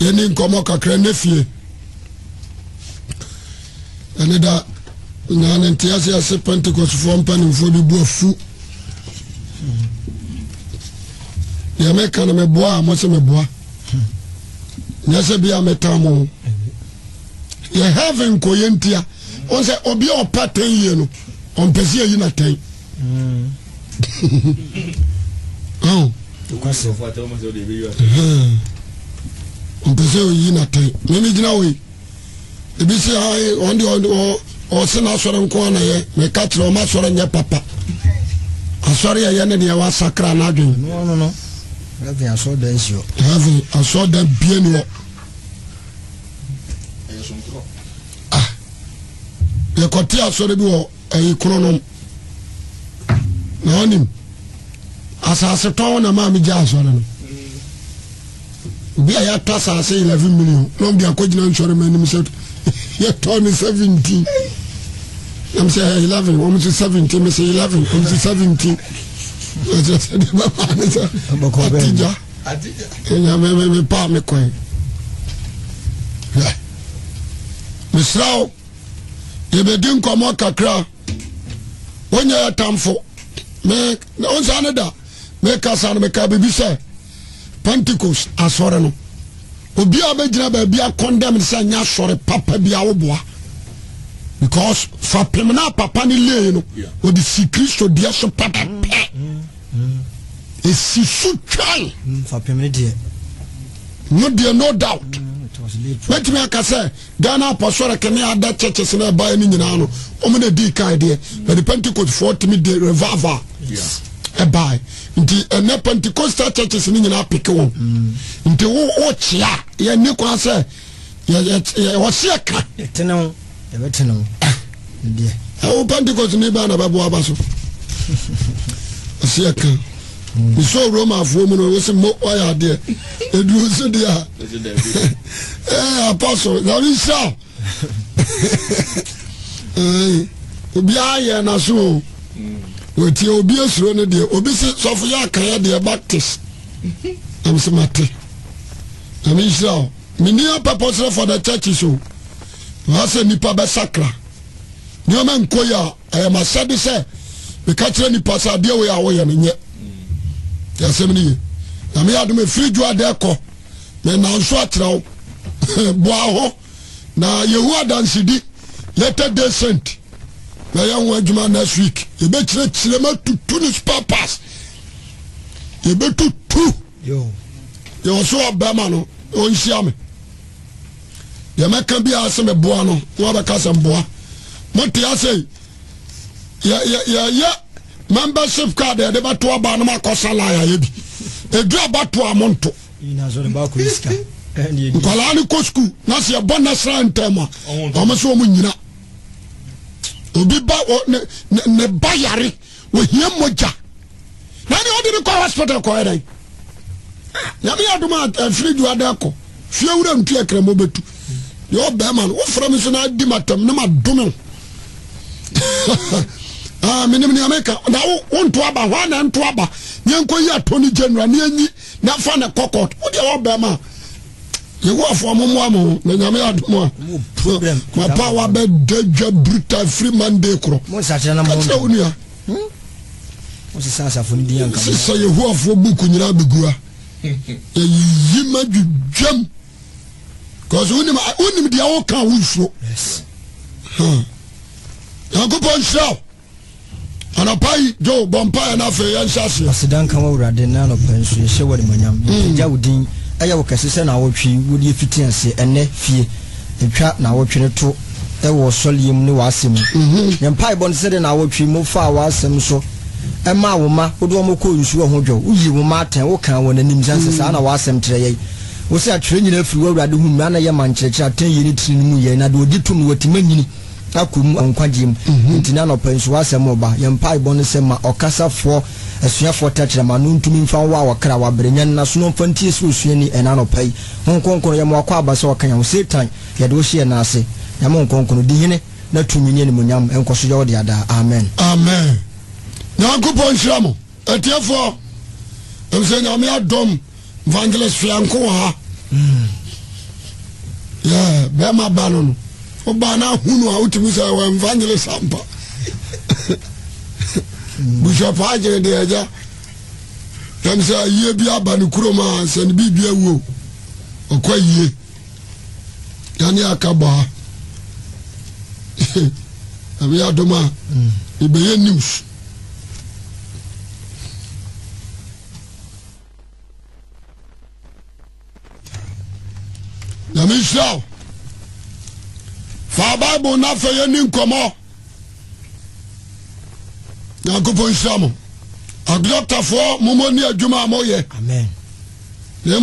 yɛni nkɔmmɔ kakra ne fie ɛne da nyane nte ase ase pentecostfoɔ mpanimfoɔ bi bu afu deɛ meka no meboa a mo sɛ meboa nyɛ sɛ bia meta mo ho yɛ heaven nkɔyɛ ntia ɔn sɛ obi a ɔpa ten yie no ɔmpɛ sɛ ayi na ten mpɛ sɛ oyi natɛn meme gyina wei ebi sɛ ɔnde ɔse no asɔre nko anayɛ meka kyerɛ ɔma asɔre nyɛ papa asɔre ɛyɛ ne deɛ wasakra no adwen asɔda bie ne wɔ ah. yɛkɔte asɔre bi wɔ ayi kronom na ɔnim asase tɔn na maa mi gya asɔre no obi a yɛatɔ asase eleven million na ɔde akɔgyina nsɔre ma anim sɛ yɛtɔ ne seventeen nam sɛ eleven wɔn nso seventeen mɛ sɛ eleven wɔn nso seventeen ɛkyerɛ sɛ deɛ bɛma ne sɛ atigya ɛnya mɛ mɛ paa mi kɔɛ mesra wo yɛbɛdi nkɔmmɔ kakra wonyɛ yɛ tamfo me ɔnsa ne da mekasa no meka biribi sɛ pentecost asɔre no obiaa bɛgyina baabi akɔndɛm ne sɛ nyɛ asɔre papa a woboa because fapem no apapa no lei no ɔde si kristo deɛ so pɛpɛpɛ mm, ɛsi mm, mm. so twan no deɛ no doubt mɛtumi aka sɛ ghana apɔsɔre kene ada churches no ɛbaɛ no nyinaa no ɔmo na dii kae deɛ bɛde pentecostfoɔ tumi de revival ɛbae yeah. nti ɛnɛ pentecosta churches ne nyina peke wo nti wo kyea yɛani koa sɛ ɔseɛ ka wo pentecost ne ba na bɛboaba so ɔsɛka mso roma fuɔ mu no wose mo ayɛdeɛ ɛduroso deɛa apostle aresa obiara yɛ na so o mm. wɔtie obi asuro no deɛ obi sɛ sɔfo yɛ akaeɛ deɛ baptist na mesɛ mate na menhyira o menni a purpose for the churches o wɔa sɛ nnipa bɛsakra nneɔma nkɔ yi a ɛyɛ masɛde sɛ meka kyerɛ nnipa sɛ adeɛ wei a woyɛ no nyɛ yɛasɛm no ye na meyɛ adom ɛfiri dwo ade kɔ menanso akyerɛ wo boa ho na yehu adansedi later day saint bɛyɛ ho adwuma next week yɛbɛkyerɛkyerɛ ma tutu ne super pass yɛbɛtutu yɛwɔ so ɔbɛma no ɔnhyia me yɛmɛka biara sɛ meboa no na wabɛka sɛ mboa mote asɛ yɛyɛ membership card yɛde bɛto aba no makɔsa laayayɛ bi ɛdu a mo nto nkwalaa ne kɔ skul na sɛ yɛbɔ nasra ntɛm a ɔmo sɛ ɔmo nyina obi ba ne ba yare wohia mogya na ne ɔde ne kɔ hospital kɔɛ dɛn nyame yɛ adom afiri dwuada kɔ fie wura ntu akramɔ bɛtu deɛ ɔbɛma no wofrɛ me so na adi matam ne madome wo ah, menim neameka na wonto aba hɔ na nto aba neɛnkɔyi atɔne general ne anyi na fa ne kɔkɔt wodeɛ wɔbɛma a yewɔfoɔ momoa mo na hmm? nyame adom a mapa wabɛda dwa bruta fri monday korɔ kakyerɛ wo nua sesɛ yehowafoɔ book nyinaa bɛgua yɛyiyi ma dwudwam bcause wonim deɛ woka wonsuro nyankopɔn hmm. nhyira wo anapa yi jo bɔ mpa yɛ no afei yɛnhyɛ aseɛ ɛyɛ wɔ kɛse sɛ nawɔtwe wɔde efiti ase ɛnɛ fie etwa nawɔtwe no to ɛwɔ sɔliɛ mu ne w'asɛm mu mhm. yɛn mpa ibɔ no sɛ de nawɔtwe mu fa w'asɛm so ɛma wɔn wɔde wɔn kɔ nsuo ho dwɔ woyi wɔn atɛn wɔka wɔn anim sɛ sɛ saa na w'asɛm kyerɛ yɛ wɔsi atwerɛ nyinaa firi wɔ awurade hu mu ana yɛ ma atɛn yɛ ne tiri ne mu yɛ na de odi tum wɔ tema nyini. akɔm nkwagye mu mhm. nti na nɔpɛ nso asɛm ɔba yɛmpa no sɛ ma ɔkasafoɔ asuafoɔ no ntumi mfa a wɔkra wabrɛnya no naso no mfa ntie sɛ osuani ɛna nɔpɛ yi ho nkɔnkɔn aba sɛ wɔka yɛ ho satan yɛde wo hyeɛ no nyame nkɔnkɔn di hene na tumi ne animonyam ɛnkɔ so yɛ adaa amen amen nyankopɔn nhyira mo atiefoɔ ɛm nyame adɔm vangelist fianko ha hmm. yɛ ba no no ɔbaa no ahu no a wotumi sɛ wɔmfa nyere sampa busua paa gyere de agya yam sɛ ayie bi aba ne kurom a sɛne biribi awuo ɔkɔ yie yane aka baa ɛmeyɛ adom a ɛbɛyɛ news nyame fa bible na afei yɛni nkɔmmɔ nyankopɔn nhyira adɔktafoɔ momɔ ni adwuma a moyɛ na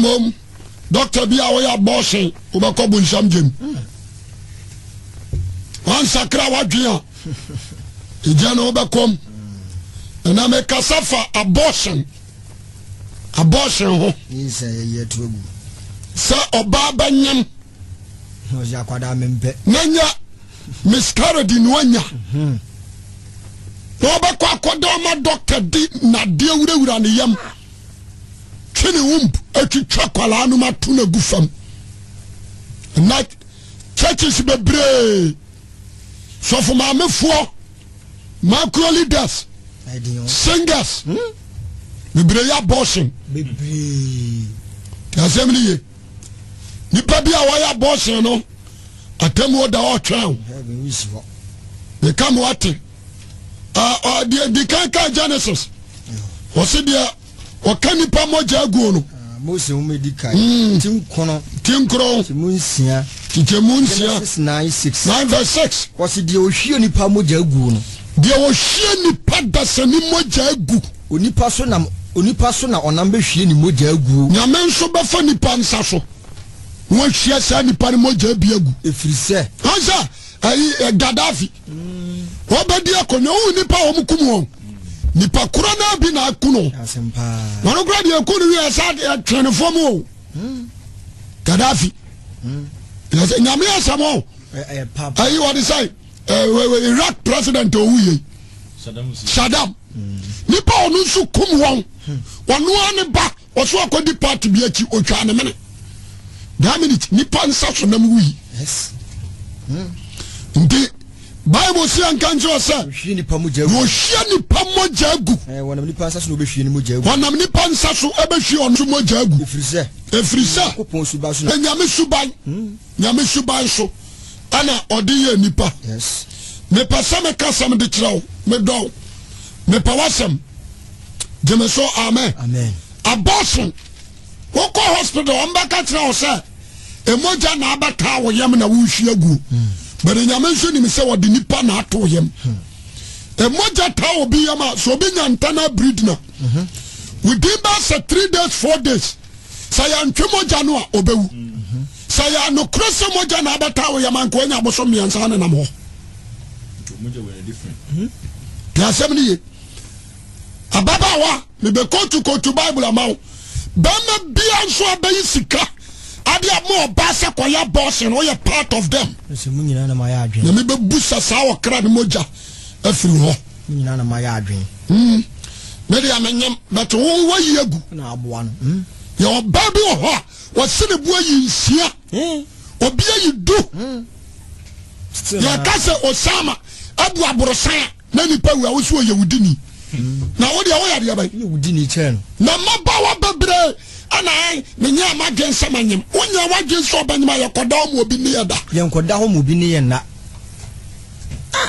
dɔkta bi a woyɛ abɔɔhye wobɛkɔ bonsam gyam wansakra woadwen a ɛgya no wobɛkɔm ɛna mekasa fa abɔɔhyen abɔɔhyen ho sɛ ɔbaa bɛnyem na nya mis carady ne wanya nwobeko akodema dokede nade wurwura neyem tine omp etitakalanomaton gu fem ana churches bebre sof ma mefuo macro leaders singers hmm? bebreyabosemme nipa bi a wɔyɛ abɔɔsen no atamu da ɔtwɛn o nka mu ate deɛ kan kan genesis wɔsi deɛ wɔka nipa mɔgya aguo no ah, mose nwoma di kan mm. ti nkono ti nkono ti mu nsia titɛ mu nsia nine six nine verse six wɔsi deɛ ohwie nipa mɔgya aguo no deɛ ohwie nipa dasani mɔgya agu onipa so na onipa so na ɔnam bɛhwie ni mɔgya aguo nyame nso bɛfa nipa nsa so. wọn hyia saa nipa ni mogya ebi egu. efiri sẹ. hansa ayi ẹ gaddafi. wọn bɛ di akɔnya ohun nipa wɔn kum wɔn nipa kura náà bi na kunu. wọn kura deɛ kunu yi ɛsɛ ɛtwɛni fɔm o. gaddafi. nyame asamo. ayi wɔde sɛ iraq president owu yɛ saddam nipa wɔn nso kum wɔn wɔn nua ne ba wɔsɔ akɔdi party bi akyi otwa ne mene that minute nipa nsa so nam wuyi hmm. nti bible si anka nkyerɛ sɛ wɔhwie nipa mogya agu wɔnam nipa nsa so ɛbɛhwie ɔno so mogya agu ɛfiri sɛ ɛnyame eh, suban hmm. nyame suban so ana ɔde yɛ nipa mepɛ sɛ meka sɛm de kyerɛ wo medɔw mepɛ wasɛm gyeme so amen abɔson wokɔ hospital ɔmbɛka kyerɛ wo sɛ ɛmogya na abɛtaa wo yam na wonhwia guo but nyame nso nim sɛ wɔde nipa na ato yam ɛmogya taa obi yam a sɛ obi nya ntana breed na within bɛ sɛ three days four days sɛ yɛntwe mogya no a ɔbɛwu sɛ yɛanokorɛ moja mogya na abɛtaa wo yam anka wanya boso mmiɛnsa ne nam hɔ deɛ asɛm no ye ababaawa mebɛkotukotu bible ama wo bɛrima bia nso abɛyi sika ade a mo ɔbaa sɛ kɔyɛ bɔɔsi no oyɛ part of them. ɛsɛ mu nyinaa na ma yɛ adwene. na mi bɛ bu sasa wɔ kra ne mogya afiri e hɔ. mu nyinaa na ma yɛ adwene. Hmm. mede a menyam bɛte wo wa yi agu. na aboa no. Hmm? yɛ ɔbaa bi wɔ hɔ a wɔsi ne bu ayi nsia hmm? obi ayi du yɛka sɛ osama abu aborosan a na nipa wu a wosi wɔ yɛwudini na wo deɛ woyɛ deɛ bɛyi. na mmabawa bebree ɛna ɛ menyɛ ama dwen nsɛm anyim wonya wadwen sɛ ɔbɛnyim a yɛkɔda hɔ ma obi ne yɛ da yɛnkɔda hɔ ma obi ne yɛ nna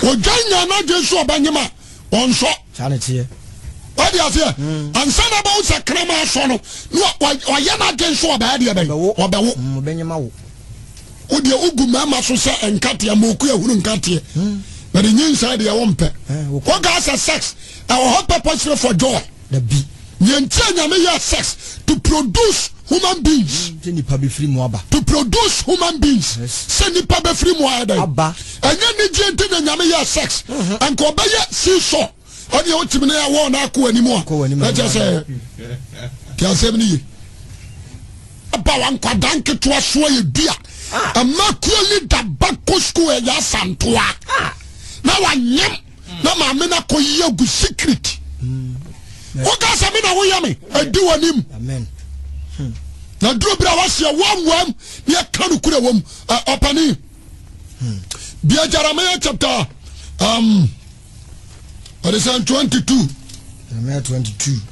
ɔdwa nya no adwen sɛ ɔbɛnyim a ɔnsɔ saa ne teɛ wadi aseɛ hmm. ansa na bɛwo sɛ krama asɔ no na ɔyɛ no adwen sɛ ɔbɛyɛ deɛ bɛyi ɔbɛwo hmm, ɔbɛnyima wo wodeɛ wogu mmarima so sɛ nkateɛ ma ɔku ahuru nkateɛ bɛde hmm. nyi nsa deɛ wo mpɛ eh, sɛ sex ɛwɔ hɔ purposely yantia nyame ya sex oo produce huma beins mm, sɛ nipa befri mua nnt nyameye sex n bɛyɛ ss tminoanimsmnbnnkeea s y mal dabaosco yasn ye mamnke mhm. ah. ah. mm. agu secrit mm. woka sɛ me na woyɛ me adi w'anim na duro bere a wahyɛ wamwam ne yɛka no kura wam ɔpani bia jeremia chapter um, twenty-two. twenty-two. ɔde sɛ 22 jeremia 22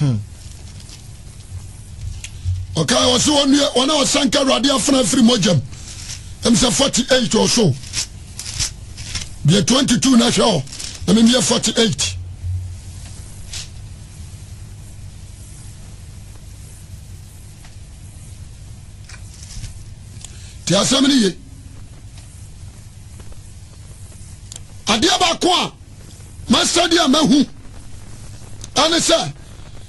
hmm. ɔka ɔse wɔnua wɔne ɔsanka awurade afena afiri mɔgyam ɛm sɛ 48 ɔso bia 22 na hwɛ ɔ ɛmi mi yɛ forty eight. te asɛm no ye adeɛ baako a masɛdeɛ mahu ɛne sɛ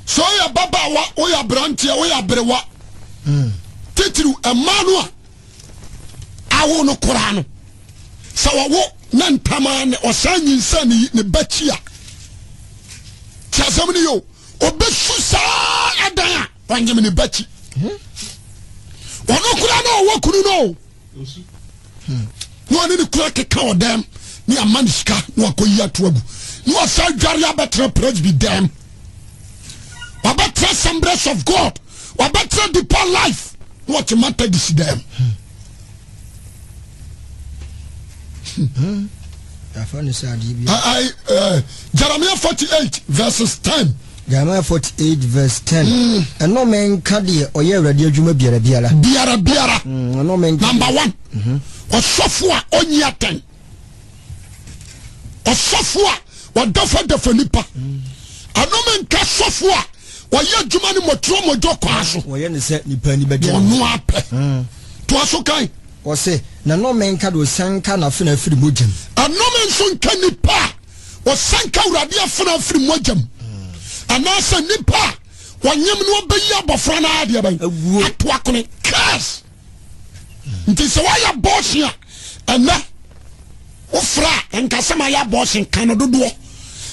sɛ woyɛ babaawa woyɛ aberanteɛ woyɛ aberewa hmm. titiriw ɛma no a awo no koraa no sɛ wɔwo ne ntm sa yisanebaki tasɛmny bes saaa nkra nw nnnn kkrtrasumbres of gotradepe life ntmatads dem Hmm. yàfọ ah, ah, eh, eh, jeremiah forty eight verses ten. jeremiah forty eight verse ten. Hmm. ẹnọ mi nka deɛ ɔyɛ awurade adwuma biara biara. biara biara. ɛnọ hmm, mi nka. number one mhm. ɔsɔfo a ɔnyi atɛn ɔsɔfo a ɔdafadafa nipa ɛnọ mi nka sɔfo a wɔyɛ adwuma ni mɔtɔmɔdɔ kɔ aso. wɔyɛ ni sɛ nipa ni bɛ di. wɔn nua pɛ. to aso kan. Mm wɔsɛ nanɔmɛ nka de ɔsan ka n'afɛn afiri mu gyam. anɔmɛ nso nka nipa a ɔsan ka awurade afɛn afiri mu gyam anaasɛ nipa a wɔnyam ni wɔbɛyi abɔfra naa adeɛ bɛyi awuo ato akone kɛs nti sɛ wɔayɛ bɔɔsi a ɛnɛ wofra a nkasɛm ayɛ bɔɔsi nkan no dodoɔ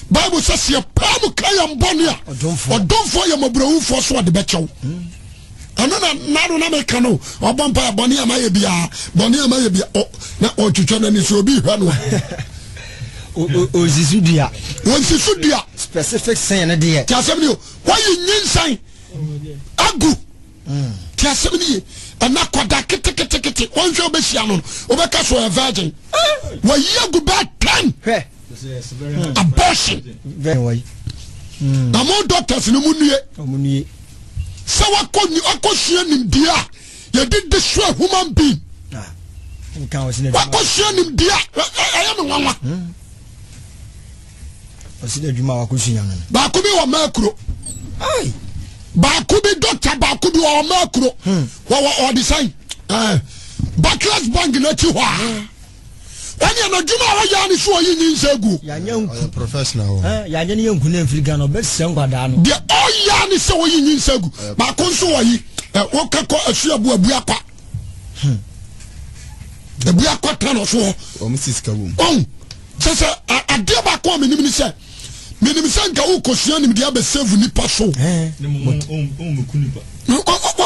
baibu sɛ seɛ paa mu ka yɛn bɔ ɔdɔnfoɔ yɛ mɔburawufoɔ so ɔde bɛkyɛw. Mm ɛno na naro na meka no ɔbɔ mpa bɔne ama yɛ bia bɔne ama yɛ bia na ɔtwitwa no ani sɛ obi hwɛ no ɔnsisu dua ɔnsisu dua specific sin no deɛ nti asɛm ne o woayɛ nyinsan agu nti asɛm ne ye ɛna kɔda keteketekete ɔnhwɛ wobɛhyia no no wobɛka so ɔyɛ virgin wayi agu bɛɛ ten abortion na mo doctors no mu nnue sɛ wakɔsua nimdeɛ a yɛde destroy human being wakɔsua nimdeɛ a ɛyɛ me nwanwa hmm? baako bi wɔ maa kuro baako bi dɔkta baako bi wɔ maa kuro hmm. wɔwɔ ɔdesain backlash bank n'akyi hɔ a. Hmm ɛni ɛna juma awo yaa ni fún oyin yin se gu. yanyɛ nkun professional. yanyɛ ni ye nkun ne nfiri gana o bɛ sɛ nkwadaa no. deɛ ɔ yaa ni sɛ oyin yin se eh, gu baako nso wɔ ɛ o kɛ kɔ esu ebu ebu akwa hmm. ebu akwa tan na so hɔ. ɔmu si sika wo ɔn sɛsɛ adeɛ baako a mi nim ni sɛ mi nim sɛ nka o kɔ sua nim deɛ bɛ save nipa so. ne mu ɔn mu ku nipa.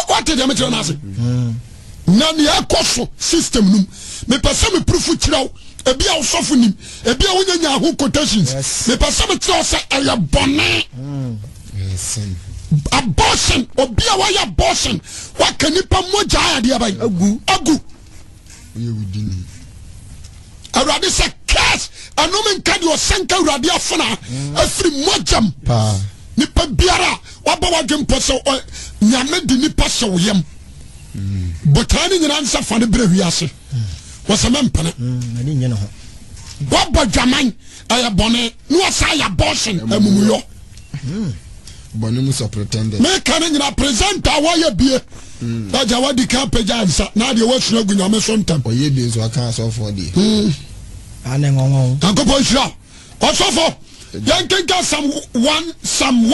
wate deɛ mi tẹ ẹ n'ase hmm. na ni ẹ kɔ so system num mipasẹ mi purufu kyerɛw ebi a wosɔfo nim ebi a wonya nya aho quotations mepɛ sɛ mekyerɛ sɛ ɛyɛ bɔne hmm. abɔsen obi a wayɛ abɔsen waka nipa mogya adeɛ bai agu agu awurade sɛ cas ɛnom nka deɛ ɔsɛnka awurade afuna. Hmm. afiri mogyam nipa biara a wabɔ wadwe mpɔ sɛ nyame de nipa sɛ woyam hmm. botaa ne nyinaa nsɛ fa ne berɛ wiase wɔsɛ mɛmpene wɔbɔ dwaman ɛyɛ bɔne ne wɔsa yɛ bɔsen amumuyɔ mm. bɔne mu sɛ pretende meka ne nyina presente a wɔyɛ bie mm. agya wadi ka pagya nsa na adeɛ woasua agu nyame so ntam ɔyɛ bie nso aka asɔfoɔ deɛ mm. nyankopɔn hyira ɔsɔfo yɛnkenka sam 1 sam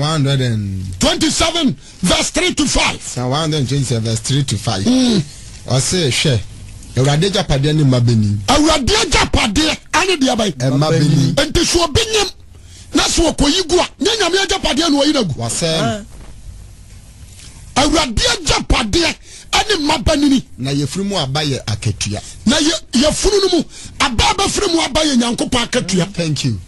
one hundred and twenty-seven, verse three to five. one hundred and twenty-seven, verse three to five. Mm. ɔsɛ hwɛ awurade agyapadeɛ ne mma bɛni awurade agyapadeɛ ane deɛ bɛyi ɛma bɛni nti sɛ nyam na sɛ ɔkɔyi gu a nyɛ nyame agyapadeɛ na ɔyi no agu wasɛm ah. awurade agyapadeɛ ɛne mmaba nini na yɛfiri mu aba yɛ akatua na yɛfunu no mu aba bɛfiri mu aba yɛ nyankopɔn akatua mm, thank you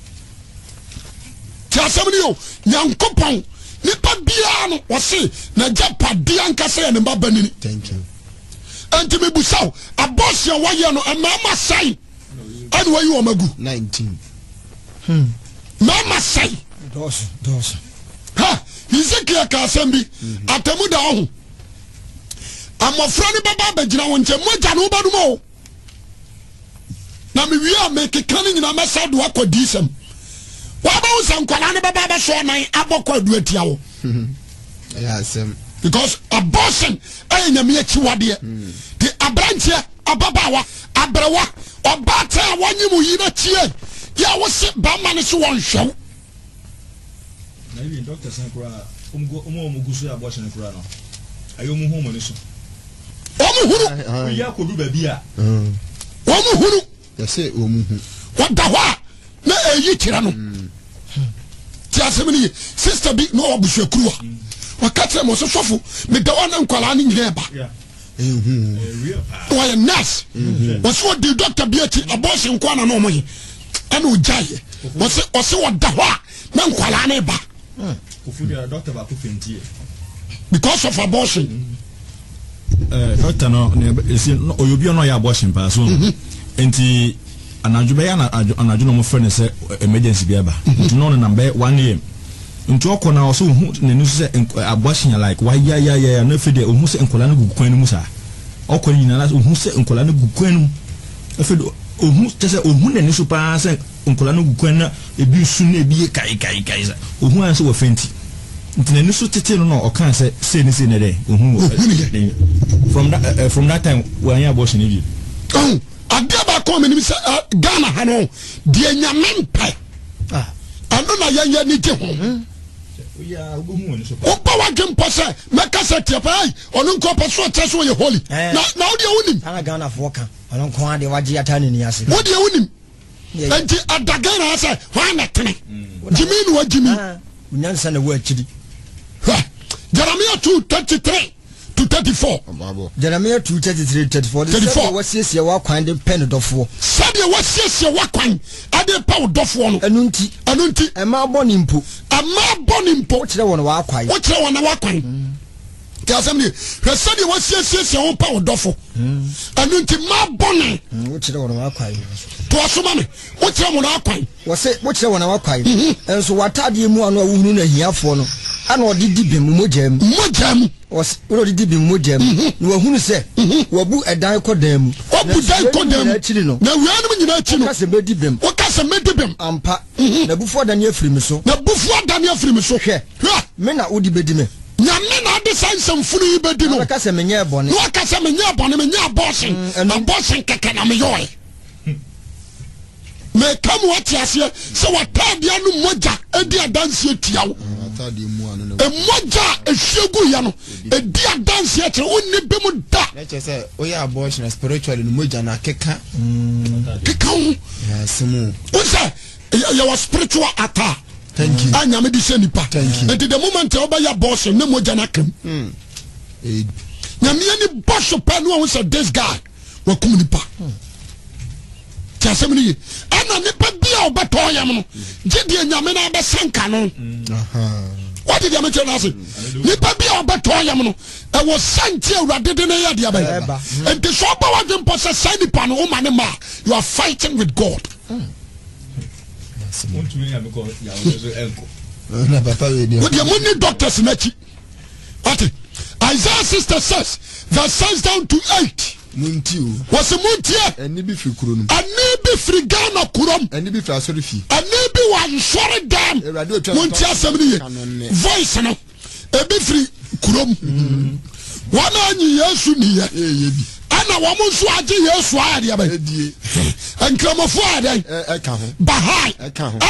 nti asɛm no yo nyankopɔn nipa biara no ɔse na agyapadeɛ ankasa yɛ ne thank you nti mi busa o abɔsi a wɔyɛ no mmarima eh, sayi ɛna wɔyi wɔn agu. nineteen. mmarima sayi. dɔɔso ha ezekiel kaasɛm bi mhm. atɛmu da ɔho amɔfra ne bɛba abɛgyina wɔn nkyɛn mogya ne wobɛdum o na mewie a mekeka ne nyinaa mɛsa do akɔ diisɛm wɔabɛwo sɛ nkwalaa ne bɛba bɛsoɔ nan abɔkɔ adu atia wo mhm. ɛyɛ asɛm because abortion ɛyɛ eh, nyame akyiwadeɛ nti aberanteɛ ababaawa aberewa ɔbaata a wɔnye mu yi no kyie yɛ wo se bɛma no so wɔnhwɛ wo ɔmhunu ɔmhunu wɔda hɔ a na ɛyi kyerɛ no nti hmm. asɛm no ye sister bi na ɔwɔ busuakuruwa hmm wɔka kyerɛ mo so sɔfo meda hɔ ne nkwaraa no nyinaa ba eh, hmm. wɔyɛ nurse mm-hmm. wɔsɛ wɔdi dɔkta bi akyi abɔɔse nkoa na na ɔmɔyɛ ɛna ɔgyaeɛ wɔsɛ wɔda hɔ a na nkwaraa no ba ah, because of abortion eh, dɔkta no ɔyɛ obi a na ɔyɛ abortion paa so mm-hmm. nti anadwo bɛyɛ anadwo na ɔmofrɛ no sɛ emergency bi aba mm-hmm. nti na ɔnenam bɛyɛ one year nti ɔkɔ na ɔsɛ ohun n'ani sɛ eh, aboahyia like wayayaya ya afei deɛ ohun sɛ nkɔla no gugu kwan no mu saa ɔkɔ ne nyinaa ohun sɛ nkɔla no gugu kwan no mu afei deɛ ohun kyɛ sɛ ohun n'ani so paa sɛ nkɔla no gugu kwan na ebi sun na ebi yɛ kaekaekae sa ohun ayɛ sɛ wɔfɛ nti nti n'ani so tete no na ɔka sɛ se ne sɛ ne dɛ ohun wɔ from that eh, eh, from that time wɔanyɛ aboahyia no bi. Oh, adeɛ baako mi ni sɛ ghana ha no deɛ nyame mpɛ ah. ɛno na yɛn yɛ ti ho. Mm wopɛ wadwe mpɔ sɛ mɛka sɛ tiɛpa ɔno nka ɔpɛ so ɔkyerɛ so ɔyɛ holy eh. na wodeɛ wonim wodeɛ wonim nti adaganaa sɛ hɔana tene gyimi ne wagyimi jeremia 2 33 to thirty four. jeremiah two thirty three thirty four. thirty four sẹ́díẹ̀ wọ́siesie wá kwan de pẹ́ ní dọ́fọ́. sẹ́díẹ̀ wọ́siesie wá kwan a de pẹ́ o dọ́fọ́ no. ẹnu nti. ẹnu nti. ẹ máa bọ́ ní mpo. ẹ máa bọ́ ní mpo. ó kyerẹ́ wọn wá kwan. ó kyerẹ́ wọn wá kwan. tí a sẹ́mi de hwẹ sẹ́díẹ̀ wọ́siesiesie wọ́n pẹ́ o dọ́fọ́. ẹnu nti máa bọ́ ní. ó kyerẹ́ wọn wá kwan. tó a sọ́mọ́ mi ó kyerẹ́ wọn wá kwan. wọ́sẹ̀ ó kyerẹ́ wọn wá kwan. ẹnso wàtaadeɛ mu àná ana ɔde di bi mu mogya mu. mogya mu. ɔsi ɔde di bi mu mogya mu. Mhm. na wahunu sɛ. Mhm. wabu ɛdan kɔ dan mu. wabu dan kɔ dan mu na wia nimu nyinaa akyi no. ɔkasa bɛ di bi mu. ɔkasa bɛ bi mu. ampa mhm. na bufu adani afiri mi so. na bufu adani afiri mi so. hwɛ mi na o di bɛ di mi. nyame na ade sa nsɛmfunu yi bɛ di no. na ɔkasa mi nyɛ bɔnni. na ɔkasa mi nyɛ bɔnni mi nyɛ abɔɔsen mm, abɔɔsen kɛkɛ na mi yɔɔye mɛka mu wate aseɛ sɛ wataadeɛ no mmɔgya adi adanseɛ tia wo mmɔgya a ɛhwie gu yɛ no ɛdi adanseɛ kyerɛ wonni bi mu da keka wo wo sɛ yɛwɔ spiritual ata a nyame de sɛ nipa nti the moment a wobɛyɛ bɔɔso ne mogya no akam hmm. nyameɛ ne bɔso pɛ ne wahu sɛ this guy wakum nipa hmm ti asɛm no ye ɛna nipa bi a ɔbɛtɔ yam no gye deɛ nyame no abɛsanka no wode deɛ mekyerɛ no ase nipa bi a ɔbɛtɔ yam no ɛwɔ santi awurade de no yɛ deɛ bɛyɛ enti mm. sɛ ɔba w'adwe mpɔ sɛ saa nipa no woma ne ma you are fighting with god wodeɛ monni doctors no akyi ate isaia 66 verse 6 down to 8 munti o. wọ́n sẹ́ munti yẹ. ẹni bí firi kuro nu. ẹni bí firi ghana kuro mu. ẹni bí firi asọ́rọ̀ fi. ẹni bí wà nsọ́rọ̀ dam. munti asẹ́mu ni yẹ voice no ebi firi kuro mm-hmm. mu. wọn náà yin yéésù nìyẹ. ɛna wɔn nso agye yéésù ayɛdeɛ bɛ. nkramofo ayɛdeɛ. bahai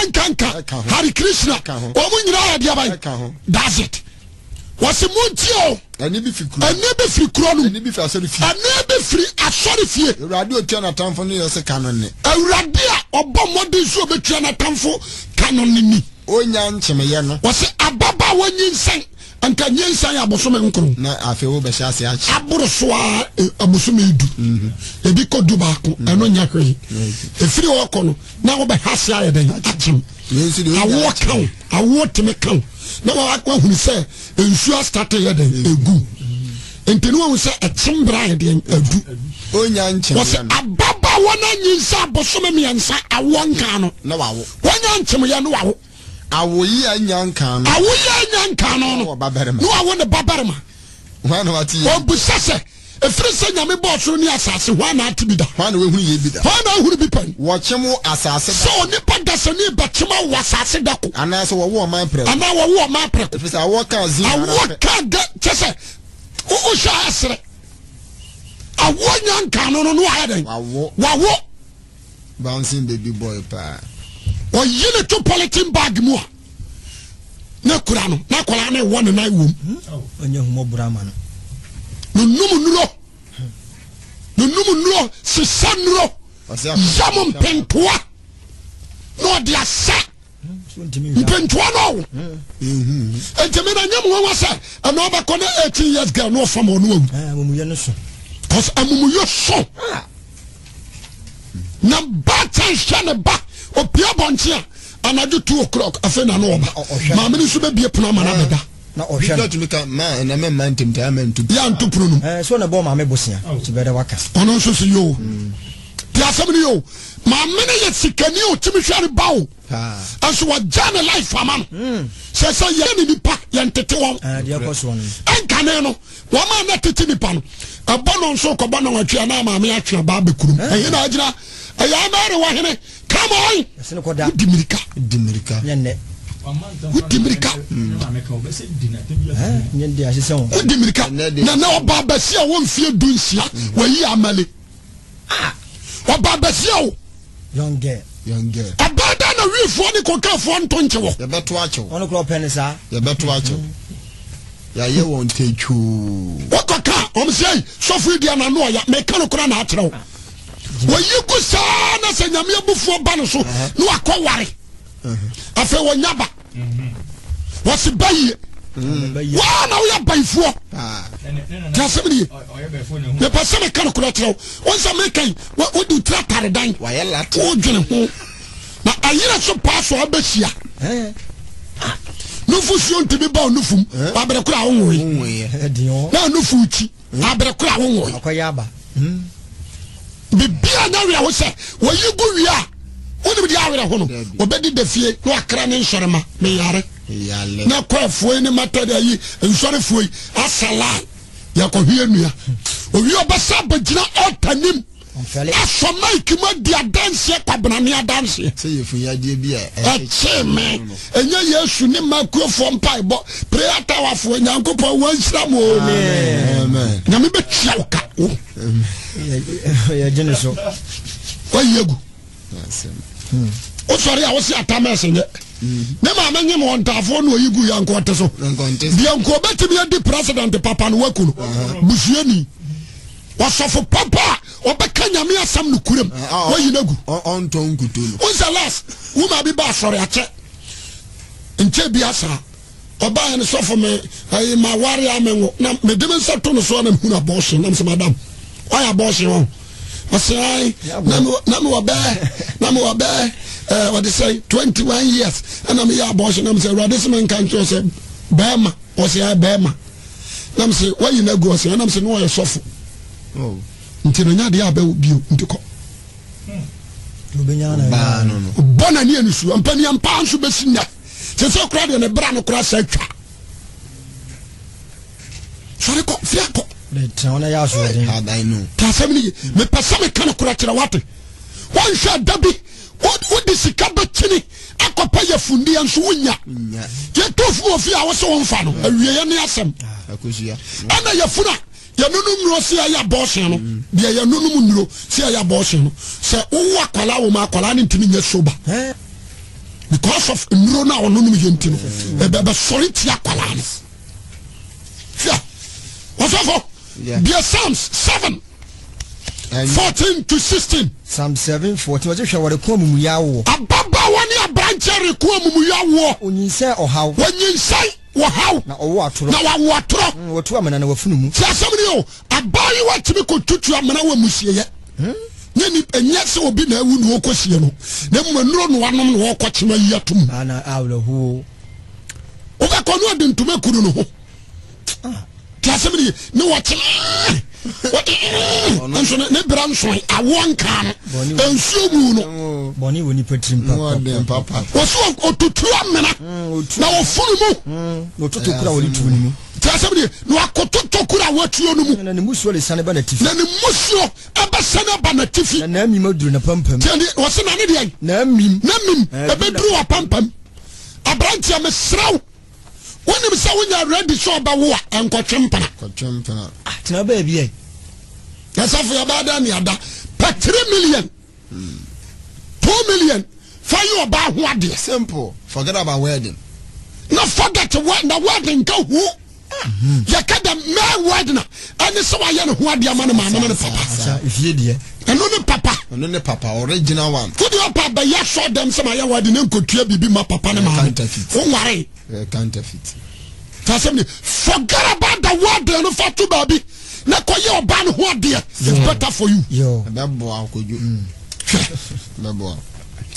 ɛnkanka hari krishna wɔn nyinaa ayɛdeɛ bɛ. that's it. wɔsi mu nti o. ɛni bi firi kuro. ɛni bi firi kuro nu. ɛni bi firi asɔri fie. ɛni bi firi asɔri fie. awurade otua n'atamfo n'i. yɛ se kanu ni. awurade a ɔbɔ mɔden so bɛ tua n'atamfo kanu ni ni. o nya nkyɛnbɛyɛ no. wɔsi ababaawa nyinsɛn nka nyinsɛn abosome nkoro. na afei o bɛ hyɛ ase akyi. aborosoa eh, abosome yi du. Mhm. ebi kɔ du baako mhm. ɛno nya hwee. Mhm. efiri wɔkɔ no na o bɛ ha ase ayɛ dɛ akyem. awoɔ kan awoɔ tɛmɛ kan. na wakɔ ahunu sɛ nsuo asate yɛ dɛ egu nti ne wɔn sɛ ɛkyɛn bra yɛ deɛ adu wɔsɛ ababaawa na nyinsa abosom mmiɛnsa awoɔ nkan no na wawo wɔnya nkyɛmuyɛ no wawo awo yi a nya nkan no awo yi a nya nkan no no na wawo ne babarima wɔn busa sɛ efiri sɛ nyame bɔ ɔsoro ne asase hɔ ana ate bi da hɔ ana ehunu yie bi da hɔ ana ehunu bi pɛn wɔkyem asase da sɛ onipa dasani bɛkyem awɔ asase da ko anaasɛ wɔwɔ ɔman pɛrɛ anaa wɔwɔ ɔman pɛrɛ ko efisɛ awɔ kaa zi awɔ kaa da kyɛ sɛ o hyɛ ayɛsrɛ awɔ nya nkan no no no ayɛ dɛ wawɔ bouncing baby boy paa ɔyi ne to polythene bag mu a ne kura no na kɔla ne wɔ ne nan wɔm ɔnyɛ humɔ menum nnuro menum non sesa nnuro non mpentoa na non asɛ pente toi non. enti mena nyɛ mo wawa a ɛna ɔbɛkɔ ne 18 years girl na ɔfa non ɔno awu na ba pas au ba on a 2 o'clock afin oh, oh, oh, na ne na ɔhwɛ no tumi ka ma ɛna ma ntɛm tɛm mɛ ntu. yà ntu punu eh, so na bɔ maame bosia ti bɛ waka. ɔno nso si yoo ti mm. asɛm ni yoo maame ne yɛ sikani o timi hwɛri ba o ɛnso wa gya ne lai fama no sɛsɛ mm. yɛ ne nipa yɛ ntete wɔn eh, ɛnkane no wɔn a na tete nipa no ɛbɔ no nso kɔbɔ na watwi anaa maame atwi aba abɛkuru eh. ɛyɛ na agyina ɛyɛ amɛri wahene kama ɔyi di mirika. di mirika wodi mirika wodi mirika nana ɔba abɛsi a wɔmfie du nsia wayi amale ɔba abɛsi a wo ɔba da na wiifoɔ ne kɔkafoɔ nto nkye mm-hmm. wɔ yàyẹ wọn tẹ twoo. wọ́kọ̀ ká ọmọ sẹ́yìn sọ́fù ìdí ẹ̀ nànú ọ̀yà mẹ́ka ló kúrò náà àtẹ̀rẹ̀ o. Mm-hmm. wọ́n yí kú sáá náà sẹ̀ nyàmú ẹ̀ bú fún ọ bá ní so uh-huh. ní wà kọ́ wàrí. Mm-hmm. afei wɔnya ba mm-hmm. wɔsi ba yie waa mm-hmm. na woyɛ bayifoɔ ti ah. asɛm ne ye mepɛ sɛ meka no korɔ kyerɛ wo wonsa mekai wode tira tare dan wodwene ho na ayerɛ so paa so wabɛhyia nufusuo ntumi ba onufum abere koro a wonwoe na onufu nkyi mm. abere koro a wonwoe mm. bibia na wia wo sɛ wɔyi gu wia wonim deɛ awerɛ ho no wɔbɛdi da fie na wakra ne nsɔrema meyare na kɔ afuoi ne matade ayi nsɔrefuoi asala yɛkɔhwe nua owie ɔbɛsa bɛgyina ɔtanim asɔ maiki ma di adanseɛ kwabenane adanseɛ ɛkyee me ɛnyɛ yesu ne makurofoɔ mpaebɔ prayer towerfoɔ nyankopɔn wansira m o nyame bɛtua wo ka wo wayi agu O wosɔre a wose atamɛsenyɛ eh? mm-hmm. ne maame nye ma ɔntaafoɔ na oyi gu yankɔte so deɛ nko obɛtumi adi president papa no waku no uh-huh. busuani wɔsɔfo papa a ɔbɛka nyame asɛm no kuram uh, uh, uh, wayi no agu wosɛ las woma bi ba asɔre akyɛ nkyɛ bi asaa ɔbaɛ no sɔfo me maware amenwo na mede me nsa to no so na mhunu abɔhye nam sɛ madam wayɛ abɔhye wɔ ɔsrae na mewɔbɛɛ na mewɔbɛɛ wɔde sɛ 21 years ɛna meyɛ abɔhye nam sɛ awurade sɛ menka nkyerɛ sɛ bɛɛma ɔsrae bɛɛma nam sɛ wayi no agu ɔsrae nam sɛ ne wɔyɛ sɔfo nti no nya deɛ abɛwo bio nti kɔ hmm. bɔ na ne anusuo mpa neampaa nso bɛsi nnɛ sɛ sɛ kora deɛ ne bra no kora sɛ twa sɔre kɔ fia kɔ tasɛm no ye mepɛ sɛ meka no kora kyerɛ wate woanhwɛ da bi wode sika bɛkyini akɔpɛ yɛ fundiɛ nso wonya yɛtofu wɔ fie a wo sɛ womfa no mm. awieɛ ne asɛm ah, mm. ɛna yɛfunu a yɛnonom nnuro sɛ ɛyɛ abɔɔhye no mm. deɛ yɛnonom nnuro sɛ ɛyɛ abɔɔhye no sɛ wowo akwalaa wɔ akwalaa no ntimi nyɛ soba because of nnuro no a ɔnonom yɛ nti no ɛbɛbɛsɔre tia akwalaa no fia wɔsɔfo bia psalms seven fourteen to sixteen. psalm seven fourteen wọ́n ti hwẹ́ wọ́n kó ọmọ ababaawa ni aberanteɛ de kó ọmọ mu onyinsẹ́ ọ̀háw. onyinsẹ́ wɔhaw. na ɔwɔ atorɔ. na wɔawɔ atorɔ. Mm, wɔtu amena na wɔfunu mu. ti asɛm ni o abaayewa tìmi kò tutu amena wɔ musieyɛ. Hmm? nye ni enye sɛ obi na ewu na ɔkɔ sie no na emu enuro na wanom na ɔkɔ kyima yi atum. ana awurahu. o ka kɔ n'o kuru ho ti asɛm ne ye ne wɔkyenaa nso ne bra nsoe awoɔ nkaa no nsuo mu mm, no mm, wɔsɛ ɔtotuo amena na wɔfunu mu ti asɛm ne ye na wakototo kura watuo no mu na ne musuo ɛbɛsɛne aba natifi tiɛne wɔse nane deɛ na mim ɛbɛduru wɔ pampam aberanteɛ mesrɛ wo wonim sɛ wonya redi sɛ ɔbɛwo a ɛnkɔtwe mpena ah, tena baabi ai yɛsɛfo yɛbaada neada pɛ 3 million mm. three million two million fa yɛ ɔbaa ho adeɛ simple forget about wedding na forget na wedding ka huo Mm-hmm. yɛka da mɛ word na ɛne sɛ wayɛ ne ho adeɛ ma no maame no ne papa ɛno ne papa ɛno ne papa original one wode ɔpa bɛyɛ sɔ dɛm sɛ mayɛ word ne nkɔtua biribi ma papa ne maame woware tasɛm ne forget about the word no fa to baabi na kɔyɛ ɔba ne ho adeɛ is better for you ɛbɛboa akɔdwo hwɛ mm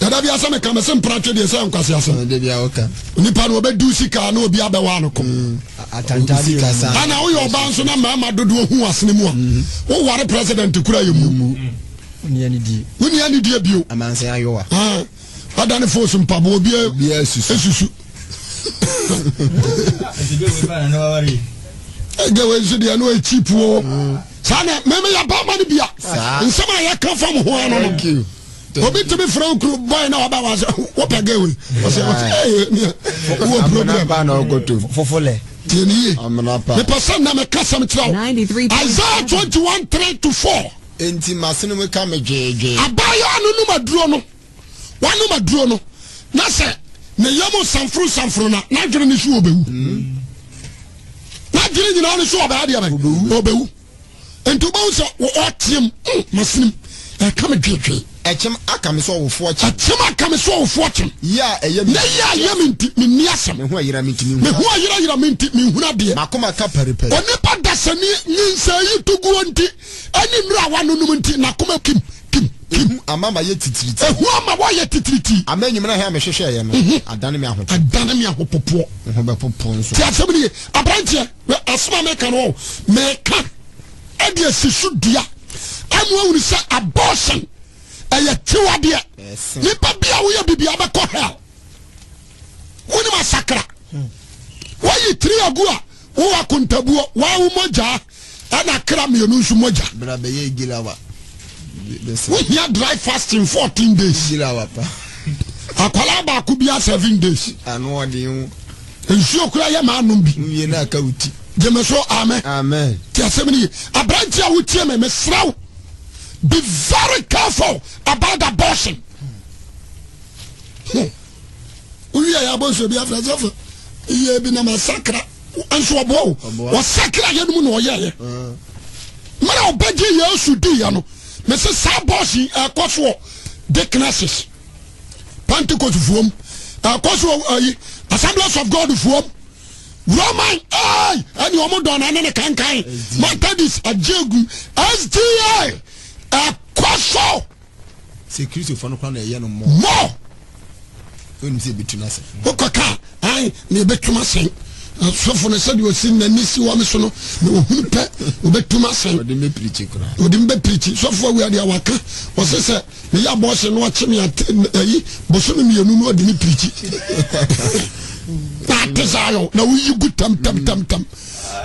yàda bi asɛm kan mɛsɛm paratwe deɛ sɛ nkwasi asɛm nipa no ɔbɛdu sika na obi abɛwa no kom mm. ana woyɛ ɔba nso na mmarima dodoɔ hu asene mu a woware mm-hmm. president kura yɛ mu wonea mm. ne die bio adane fo so mpaboɔ bi asusu e- e ɛgɛwe nso deɛ e mm. ne ɔɛkyipuo saa ne memeyɛ ba ma no bia nsɛm a yɛka fam ho ano no obi tumi fura okuru bɔyi na waba wasa wopɛ gɛ wei ɔsɛ ɛyɛ wɔ problem fofolɛ tiɛni ye mepɛ sɛ na meka sɛm kyerɛ wo isaia 21 3 to 4 enti masene mu ka me dweedwee abayewa no nom aduro no wanom aduro no na sɛ ne yam sanforo sanforo na n'adwene ne so wɔbɛwu n'adwene nyinaa ne so wɔbɛyɛ deɛ bɛ wɔbɛwu nti wobɛhu sɛ ɔteam mm, masenem ɛka me dweedwee ɛkyɛm akami so ɔwofoɔ kyɛm. ɛkyɛm akami so ɔwofoɔ kyɛm. yi a ɛyɛ mi. ne yi a ɛyɛ mi nti mi ni asɛm. mi hu ayira mi nti mi hu. mi hu ayira yira mi nti mi hu na deɛ. maa kɔma ka pɛripɛri. onipa dasani nyinsa yi tuguo nti ɛni nura wa nunum nti na kɔma kim kim kim. ama ma yɛ titiriti. ehu ama wa yɛ titiriti. ama enyim na hɛn mi hwehwɛ yɛ no. Mhm. adani mi aho. adani mi aho popoɔ. nho bɛ popoɔ nso. ti asɛm ni ye aberanteɛ asoma mi kan wɔ mɛ kan ɛdi esi so dua ɛmu awuri sɛ abɔɔsɛn ɛyɛ tiwadeɛ nipa bi a woyɛ bibi abɛkɔ hell wonim asakra hmm. woyi tiri agu a wowɔ akontabuo wawo mogyaa ɛna kra mmienu nso mogya wohia dry fasting fourteen days akwalaa baako bia seven days nsuo kora yɛ maa nom bi gyeme so amen tiasɛm no ye aberanti a wotie me mesrɛ wo be very careful about abortion. wúyí ẹ̀yà abọ́sọ̀ bí afẹ́sẹ́fẹ́ iye ebi nà mà sakra ẹnso ọ̀bọ̀ o wọ́n sakra yẹn mu nà ọ̀yẹ́ yẹ mẹ́rẹ̀ ọ̀bẹ jí yẹ́sù dì yẹn no mẹ́sẹ̀ sáà bọ́ọ̀sì ẹ̀kọ́ so ọ̀ deaconesses pentecost fuom ẹ̀kọ́ so ẹ̀yí assemblies of god fuom roman ẹni ọmọ dọ̀nà ẹni kankan mọ́tẹ́dìs àjẹ́gùn sda. C'est so sɛ kristofoɔ no kora na ɛyɛ no mmɔ mmɔ ne sɛ pas no asɛn wokɔka ne na pas asɛn asɔfo no sɛdeɛ ɔsi nani si me so no na ɔhunu pɛ waka ɔse sɛ meyɛ no me ayi bosome no ɔde ne pirikyi na na tam tam tam tam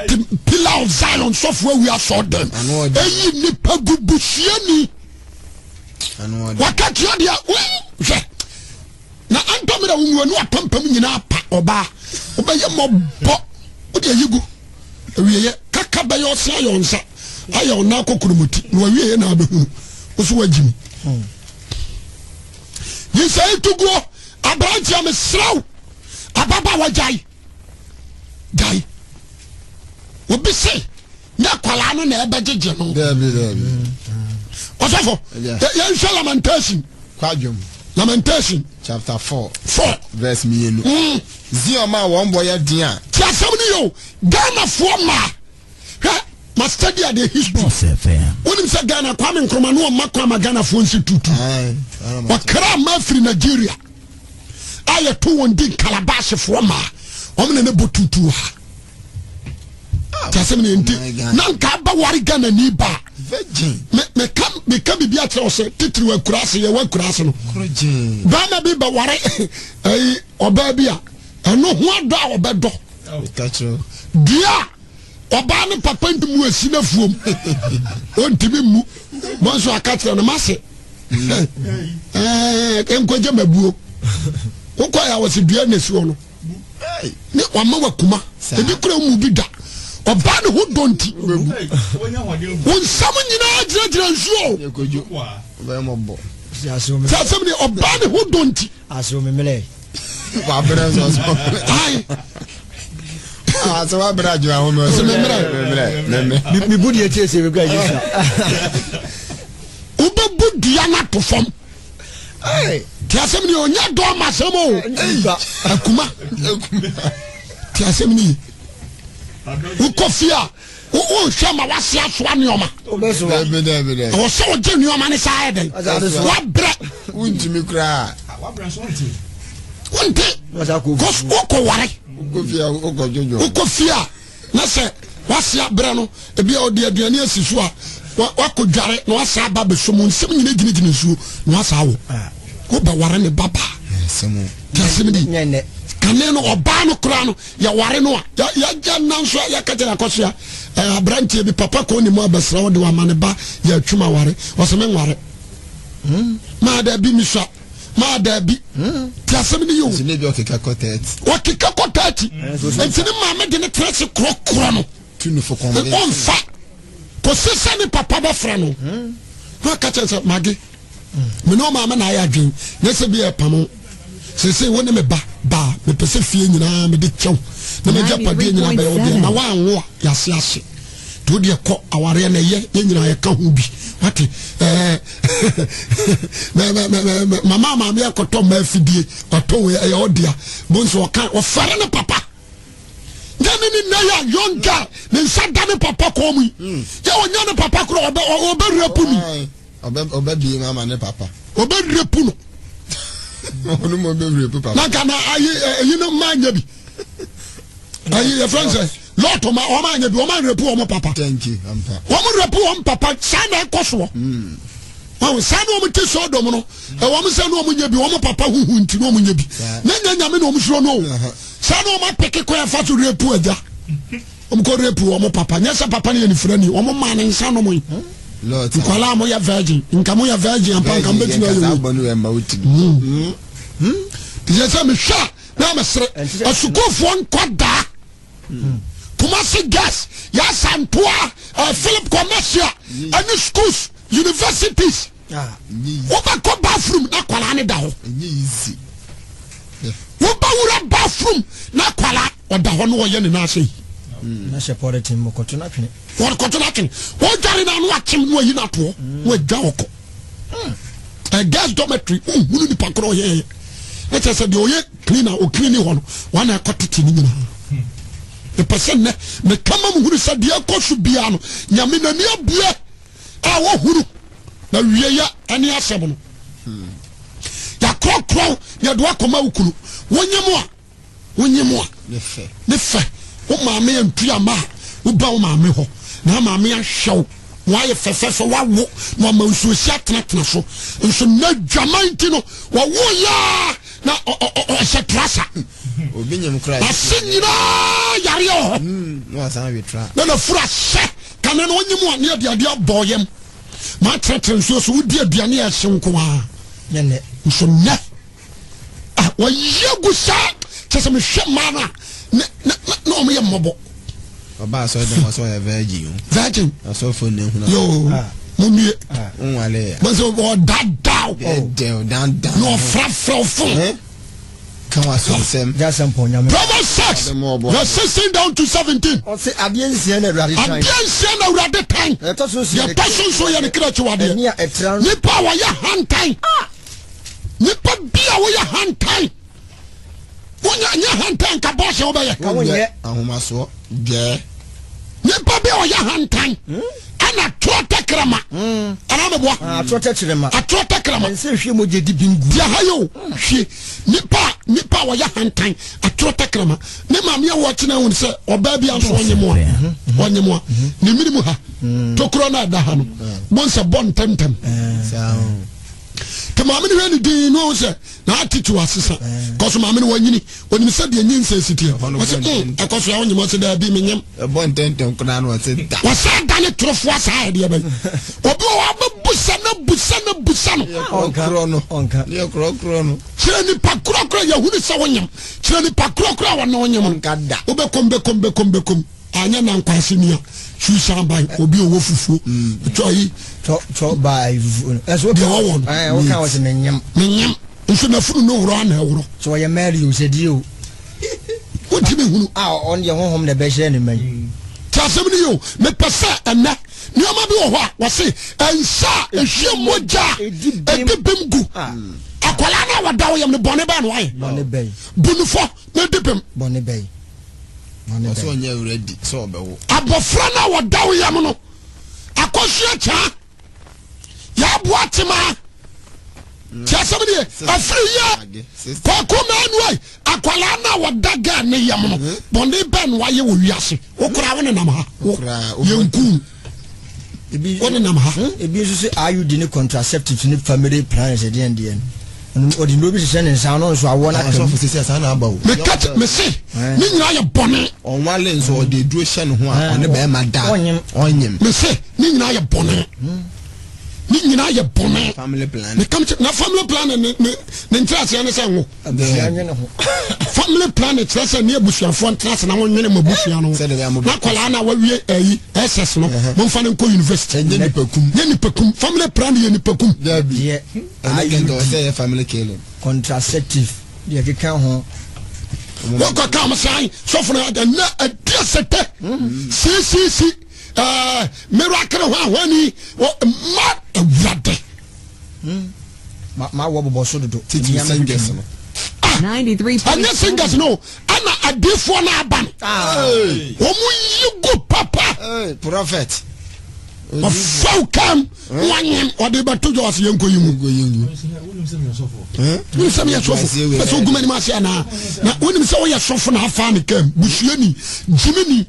The pillar of zion sɔfo awi asɔ dɛm eyi nipa bubu sieni waka tia deɛ hwɛ na antɔmi na wumua ne wapampam nyinaa pa ɔbaa wobɛyɛ mɔbɔ wode ayi gu awieyɛ kaka bɛyɛ ɔse ayɛ nsa ayɛ ɔna akɔ kurumuti na wawieyɛ na abɛhunu wo so woagyi mu hmm. yisɛe toguo aberanteɛ mesrɛ wo ababa wagyae gyae obi se nyɛ akwaraa no na ɛbɛgyegye no ɔsɔfo yɛnhwɛ lamentation kwadwom lamentation chapter four four verse mmienu mm. zion ma wɔn bɔ yɛ den a. ti asɛm ni yo ghana foɔ maa hɛ ma study adi history wɔnim sɛ ghana kwame nkrumah no wɔn ma kɔ ama ghana foɔ nsi tutu wɔkara ma firi nigeria a yɛ to wɔn di nkalabaasi foɔ maa wɔn na ne bɔ tutu ha. tiasɛm ne nti oh na nka ba ware ghana ni ba meka biribi akyerɛ wo sɛ titiri wakura ase yɛ kura ase no bɛma bi ba bɛware ayi ɔbaa bi a ɛno ho adɔ a ɔbɛdɔ deɛ a ɔbaa ni papa ntimu asi no afuom ɔntimi mmu ma nso aka kyerɛ no mase mm. nkɔgya mabuo wokɔɛ a wɔse dua na asi hɔ no ne wama wakuma ebi kura mu bi da ɔbaa ne ho dɔ nti wo nsɛm nyinaa gyinagyina nsuo sɛ asɛm ne ɔbaa ne ho Wa nti sɛ wabere adwuma ho mebu deɛ tie sɛ bɛkɔ agye sa wobɛbu dua no ato fam nti asɛm ne ɔnyɛ dɔ ma asɛm o akuma nti asɛm ne wokɔ fie a wonhwɛ ma woase asoa nneɔma ɛwɔ sɛ wogye nneɔma ne saa yɛ dɛn wabrɛ wontumi koraa wonte wokɔ ware wokɔ fie a na sɛ woase abrɛ no ebia ɔde aduane asi so a wakɔ dware na wasa aba bɛsom nsɛm nyina gyinagyina nsuo na wasa awo ah. wobɛware ne babaa tiasɛm di kane no ɔbaa no koraa no yɛware no a yɛgya nanso a yɛka kyerɛ akɔsoa aberanteɛ bi papa kɔ nimu abɛsrɛ wo de wama ne ba yɛatwum aware ɔsɛ me nware hmm. maa daabi me sua maa daabi hmm. nti asɛm no yɛo ɔkeka kɔ taati hmm. nti ne maame de ne tena se korɔkorɔ no ɔmfa kɔsi sɛ ne papa bɛfrɛ no na ɔka kyerɛ sɛ mage mene ɔmaame na ayɛ adwen na sɛ bi yɛ pamo sese wo ne me ba ba mepɛ sɛ fie nyinaa mede kyɛw na megya padeɛ nyinaa bɛyɛ wodeɛ na woanwo a yɛase ase nti wodeɛ kɔ awareɛ na ɛyɛ yɛ nyinaa yɛka ho bi wate mama maame akɔtɔ ma afidie ɔtɔ ɛyɛ ɔdea bo nso ɔka ɔfɛre ne papa nyɛ ne ne nna yɛ a young girl ne nsa da ne papa kɔɔ mu hmm. yɛ ɔnya ne papa korɔ ɔbɛwura pu no ɔbɛwie ma ama ne papa ɔbɛwura pu no ɔno hmm. mu bebree pepa. na kana ayi eyi no maa nye bi ayi yɛ fɛn sɛ lɔɔtɔ ma ɔmo anya bi ɔmo anrepu ɔmo papa ɔmo repu ɔmo papa saa na ɛkɔ soɔ ɔmo saa na ti sɔɔ dɔm no ɛwɔ ɔmo sɛ na nye bi ɔmo papa huhu nti na ɔmo nye bi ne nya nyame na ɔmo suro no o saa na ɔmo apeke kɔ ɛfa so repu ɛgya ɔmo kɔ repu papa nyɛ sɛ papa ni yɛ ne fira ni ɔmo maa ne nsa nom yi nkɔla a moyɛ virgin nka moyɛ virgin ampa nka mbɛtumi ayɛ wei yɛ hmm. hmm? sɛ mehwɛ na mesere asukuufoɔ nkɔ daa hmm. kumasi gas yasantoa uh, philip commercial ɛne schools universities ah, wobɛkɔ bathroom na kwalaa ne da hɔ wobɛwura bathroom na kwalaa ɔda hɔ no wɔyɛ ne naasɛ yi na hyɛ pɔlitin mu kɔtɔ na twene. wɔn kɔtɔ na twene wɔn dwari na anu akyem nu ayi na toɔ mm. wɔn adwa wɔkɔ hmm. gas dɔmɛtiri nhunu nipa korɔ yɛyɛ ɛkyɛ sɛ deɛ ɔyɛ cleaner ɔclean hɔ no wɔn na ɛkɔto ti ne nyinaa ipɛsɛ hmm. nnɛ mekama mu hunu sɛ deɛ ɛkɔ so biara no nyame nani abue a wɔhunu na wie ya ɛne asɛm no hmm. yɛkorɔkorɔ yɛde wakɔma wo kunu wonyɛ mu a wonyɛ mu a ne fɛ omame antuama wob womamh mam hɛ ayɛ fɛma nsus eaenɛwama sɛ ts nyinaa enasɛ ynebym matatea nuswoeɛ saa ksɛmehwɛ manoa na na na ɔmo yɛ mmɔbɔ. ɔba asɔrɔ dɛm ɔsɔ yɛ virgin o. virgin asɔfo ne hun. yoo ah. mo nie. Ah. n wale ya. bɛsɛ ɔdadaw. no, dandan. na ɔfrafra fun. kan wa sɔn sɛm. jaasɛn pɔn ɲamɛ. proverbs six verse sixteen down to seventeen. ɔsɛ adeɛ nsia na awurade tan. adeɛ nsia na awurade tan. yɛtɔ sunsun yɛ sunsun yɛ ne kira tiwa deɛ. ɛni a ɛtira. nipa wa yɛ hantan. nipa bi a wɔyɛ hantan wonya nyɛ hantan ka bɔɔse wobɛyɛ wonyɛ ahomasoɔ dwɛɛ nipa bi a ɔyɛ hantan ɛna toɔ tɛ kirama ɛna mɛ bɔ atoɔ kirama atoɔ kirama ɛnsɛ hwie mo jɛ di bi ngu diɛ ha yi o hwie nipa nipa a ɔyɛ hantan atoɔ tɛ kirama ne maame yɛ wɔ na wɔn sɛ ɔbaa bi anso ɔnyimua ɔnyimua ne minimu ha hmm. tokuro naa da ha no bɔnsɛ bɔ ntɛmtɛm te maame no hwɛ ne din ne ɔhu sɛ n'atete wasesa eh. kɔso maame no wanyini onim sɛ deɛ nyi nsa si tiɛ ɔsɛ ɛkɔ so awo nyima sɛ daa bi menyam wɔsɛ da ne torofoɔ saa ɛdeɛ bɛyi obi wɔ wabɛbusa na busa na busa no kyerɛ nipa korɔkorɔ yɛhunu sɛ wonyam kyerɛ nipa korɔkorɔ a wɔne wonyam no wobɛkom bɛkom bɛkom bɛkom anyɛ nankwaase nia susan ban eh. obi ɔwɔ fufuo mm. ɛtwa yi tɔ tɔ baa ifufu no ɛsɛ o deɛ wɔwɔ no ɛɛ o kan o sɛ mɛ nyam. mɛ nyam nso na funu no wura ana ɛwuro. sɛ ɔyɛ mɛri o sɛ die o. o ti mi hunu. a ɔn yɛ hɔn hɔn na bɛ hyɛ ne mɛ. tí a sɛm ni yi o mɛ pɛ sɛ ɛnɛ nneɛma bi wɔ hɔ a wɔsi ɛnsa ehwie mogya edi bim gu ah. akwadaa náà wà dáwọ yẹm ni bɔnni bɛyɛ ni wáyé. bɔnni bɛyɛ. bunufɔ n'edi bim. bɔnni bɛyɛ abɔfra no a wɔda wo yam no akɔsoa kyaa yɛaboa tema nti asɛm deɛ afiri yɛ kɔko maanua akwalaa no a wɔda ga ne yam no bɔne bɛ no wayɛ wɔ wiase wo koraa wo ne nam ha yɛnkum wo ne nam ha ebi nso sɛ iud ne contraceptives ne family plans ɛdeɛ deɛ no ɔde nnuro bi hyehyɛ ne nsa no nso awoɔ nokamekate mese ne nyinaa yɛ bɔne ɔnwale nso ɔde duro hyɛ ne ho a ɔne hmm. bɛɛma da ɔnyem mese ne nyinaa yɛ bɔne ne nyinaa yɛ bɔnɛ mekam kyɛ na family plan ne ne ne ntirase ne sɛ ŋo family plan ne kyerɛ sɛ ne abusuafoɔ ntirase na wɔnwene mu abusua no na kɔlaa na wawie ayi eh, ɛsɛs no momfa ne nkɔ university nyɛ nipakum nyɛ nipakum family plan yɛ nipakum. dabi ɛna kɛntɛ ɔsɛ yɛ family killing. contraceptive yɛ keka ho. wọn kɔ kaa mo san sɔfo na ɛdi ɛsɛ tɛ sisisi ɛɛ mɛru akɛrɛ hɔ ahɔni mmaa awurade ma wɔ bɔbɔ so dodo titi singers no ɛnyɛ singers no ɛna adiifoɔ no aba no wɔn yi gu papa prophet ɔfaw kam wanyem ɔde bɛto dwa ɔse yɛnkɔ yi mu wonim sɛ meyɛ sɔfo pɛ sɛ woguma anim ase anaa na wonim sɛ woyɛ sɔfo na afa ne kam busuani gyimini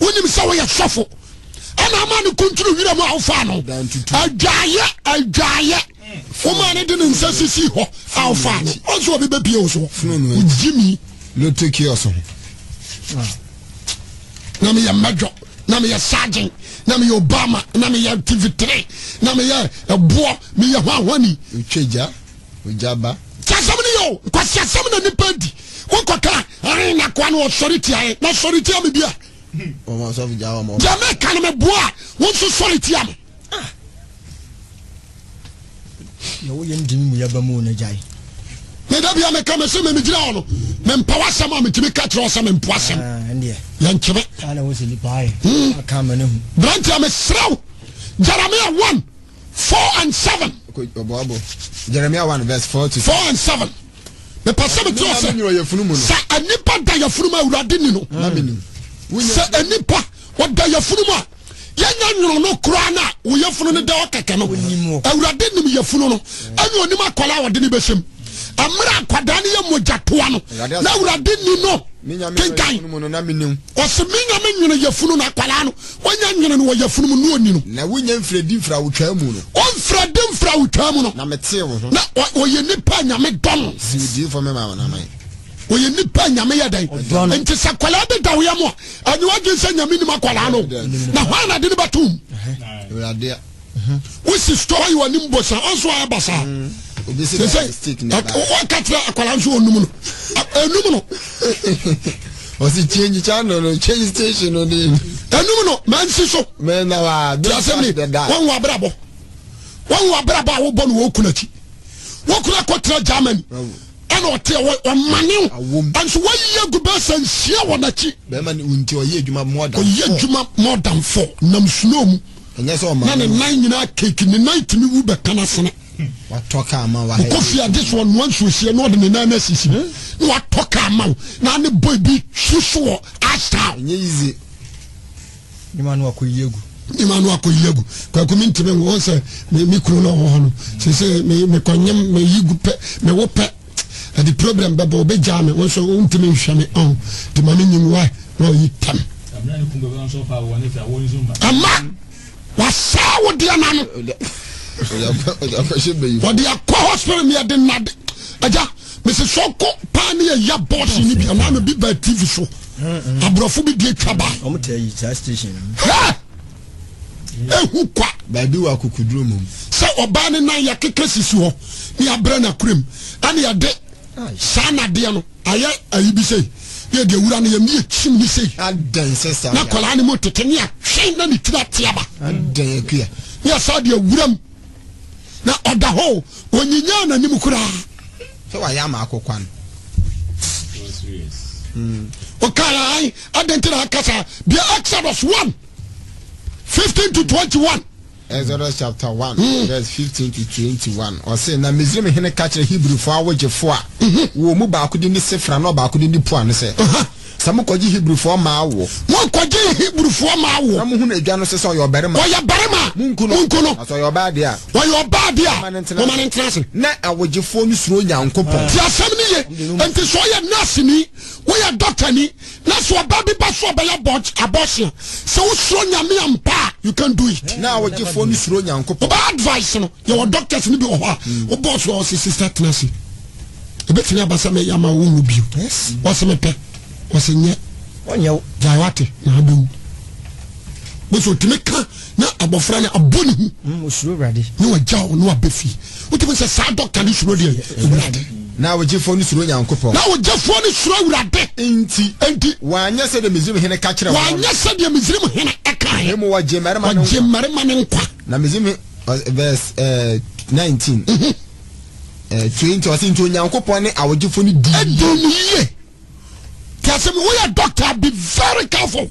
wonim sɛ woyɛ sɔfo ɛna ama ne kunturu wira mu a wofa no adwaayɛ adwaayɛ woma ne de ne nsa sisi hɔ a wofa no ɔnso ɔbi bɛpie wo so wogyimi loteki ɔso na meyɛ mmadwo na meyɛ sergeant na meyɛ obama na meyɛ tv3 na meyɛ ɛboɔ meyɛ hwahwani twagya ogyaba kyasɛm no yɛ o nkwasiasɛm na nnipa di wonkɔka arenakoa no ɔsɔre tiaɛ na sɔre tia me bia ọmọ sọfún jà ọmọ. jamaica ni ah. mi bu a wọn tún sọrọ ti àmì. yàwó ah, yẹn dì mí mu yaba mu ọ̀nà jà yìí. ní dábìá mi hmm. ká mi sí mi jeremiah one four and seven. ọbọ abọ jeremiah one verse four anipa da yafunu ma awurade ninu sɛ anipa ɔda yafunu mu a yɛnya nwono no koraa Na a wo yafunu no da wɔ kɛkɛ no awurade nim yafunu no ɛne onim akwala a wɔde ne bɛsɛm ammerɛ akwadaa no yɛ mogyatoa no na awurade ni no kenkan ɔsɛ menyame nwene yafunu no akwalaa no wanya nwene no wɔ yafunu mu ne ɔni no na wonya mfiradi mfira wotwaa mu no ɔmfiradi mfira wotwaa mu no na ɔyɛ nipa nyame dɔm oyɛ nipa nyame yɛ dɛn nti sɛ kwalaa bi da woyɛ mu a anyiwa gye sɛ nyame nim akwalaa no na hɔ anade no bɛtom wosi store yi wɔ nim bosa ɔnso ayɛ mm. basa sɛsɛ wɔka kyerɛ akwalaa nso ɔnum no ɛnum no ɔsi change channel no change station no ni. ɛnum no mɛ n si so. mɛ na wa bi a sɛ mi wɔn wɔ abirabɔ wɔn wɔ abirabɔ a wɔbɔ no wɔn kun akyi wɔn kun akɔ tera germany ɛna ɔte ɔmane wo nso wayɛ gu bɛsa nhyia wɔ n'akyi ɔyɛ adwuma more than four nam suno mu na ne nan nyinaa keke ne nan tumi wu bɛkana sene wokɔ fiade so ɔnoa nsuohyia na ɔde ne nan no asisi na watɔ ka ama wo na ne bɔ bi twu so wɔ astaw nyima no akɔyi agu nyima no akɔyi agu kwaku mentimi wo sɛ me kuro no ɔwɔ hɔ no sɛ sɛ mekɔnyem meyi gu pɛ mewo pɛ ɛde problem bɛbɔ wobɛgyaa me wo so wontumi nhwɛ me ɔn nti ma me nyimuwa eh, na ɔyi tam ama wasaa wo deɛ na no wɔde akɔ hospital meyɛde nnade agya mese sɛ kɔ paa ne yɛya bɔse no bi anaa no bi baa tv so aborɔfo bi die twa baa ehu kwa. baabi wa kukuduro mu. sɛ ɔbaa ne nan yɛ keke sisi hɔ ne yɛ abrɛ na kurom ɛna de saa nadeɛ no ayɛ ayi bi sei yɛ deɛ wura no yɛm ne yɛkyim ne sei na kɔlaa ne mu tete ne atwɛn na ne tira teaba ne yɛsa deɛ wuram na ɔda hɔ ɔnyinyaa n'anim koraa sɛ wayɛ ama akokwa no hmm. ɔkaa adɛn akasa deɛ exodus 1 15 to 21 Exodus chapter one mm. verse fifteen to twenty-one ọ̀sẹ̀ na mi hene kakyere Hebrew fún awọ́gyefo a wọ́n mhm. mu baako di ni sefra náà baako di ni pua ni sẹ́ sàmú kọjí hebrew máa wọ. wọn kọjí hebrew máa wọ. na mu hun edwa no sisan ọyọ bẹrẹ ma. ọyọ bẹrẹ ma. mu ọyọ ọba adi a. ọyọ ọba adi a. mo ma ni n tẹ́lẹ̀ sí. na awojifo ni suro yanko pọ. ti asẹ́mi ni ye nti sọ yẹ nọ́ọ̀sì ni wọ́n yẹ dọ́kítà ni na sọ ọba bí bá sọ ọbẹ̀ yẹ abọ́sẹ̀ sọ wọ́n suro nyàmú yàn pa you can do it. na awojifo ni suro yanko pọ. ọba advice no yẹ wọ dọ́kítà wɔsɛ nyɛ ɔnyɛ jawate na abɛwu bɛsɛ ɔtumi ka na abɔfra no abɔ ne hu mm, ne wagya wo ne wabɛ fie wotumi sɛ saa dɔkta no suro deɛ mm, awurade na wogyefoɔ no suro nyankopɔn na wogyefoɔ no suro awurade nti nti wanyɛ sɛdeɛ misrim hene ka kyerɛ wanyɛ sɛdeɛ misrim hene ɛkae mu wɔgye mmarima no nkwa na misrim uh, verse uh, 19 20 ɔse nti onyankopɔn ne awogyefoɔ no di ɛdom yie ti ase mi woyɛ doctor be very careful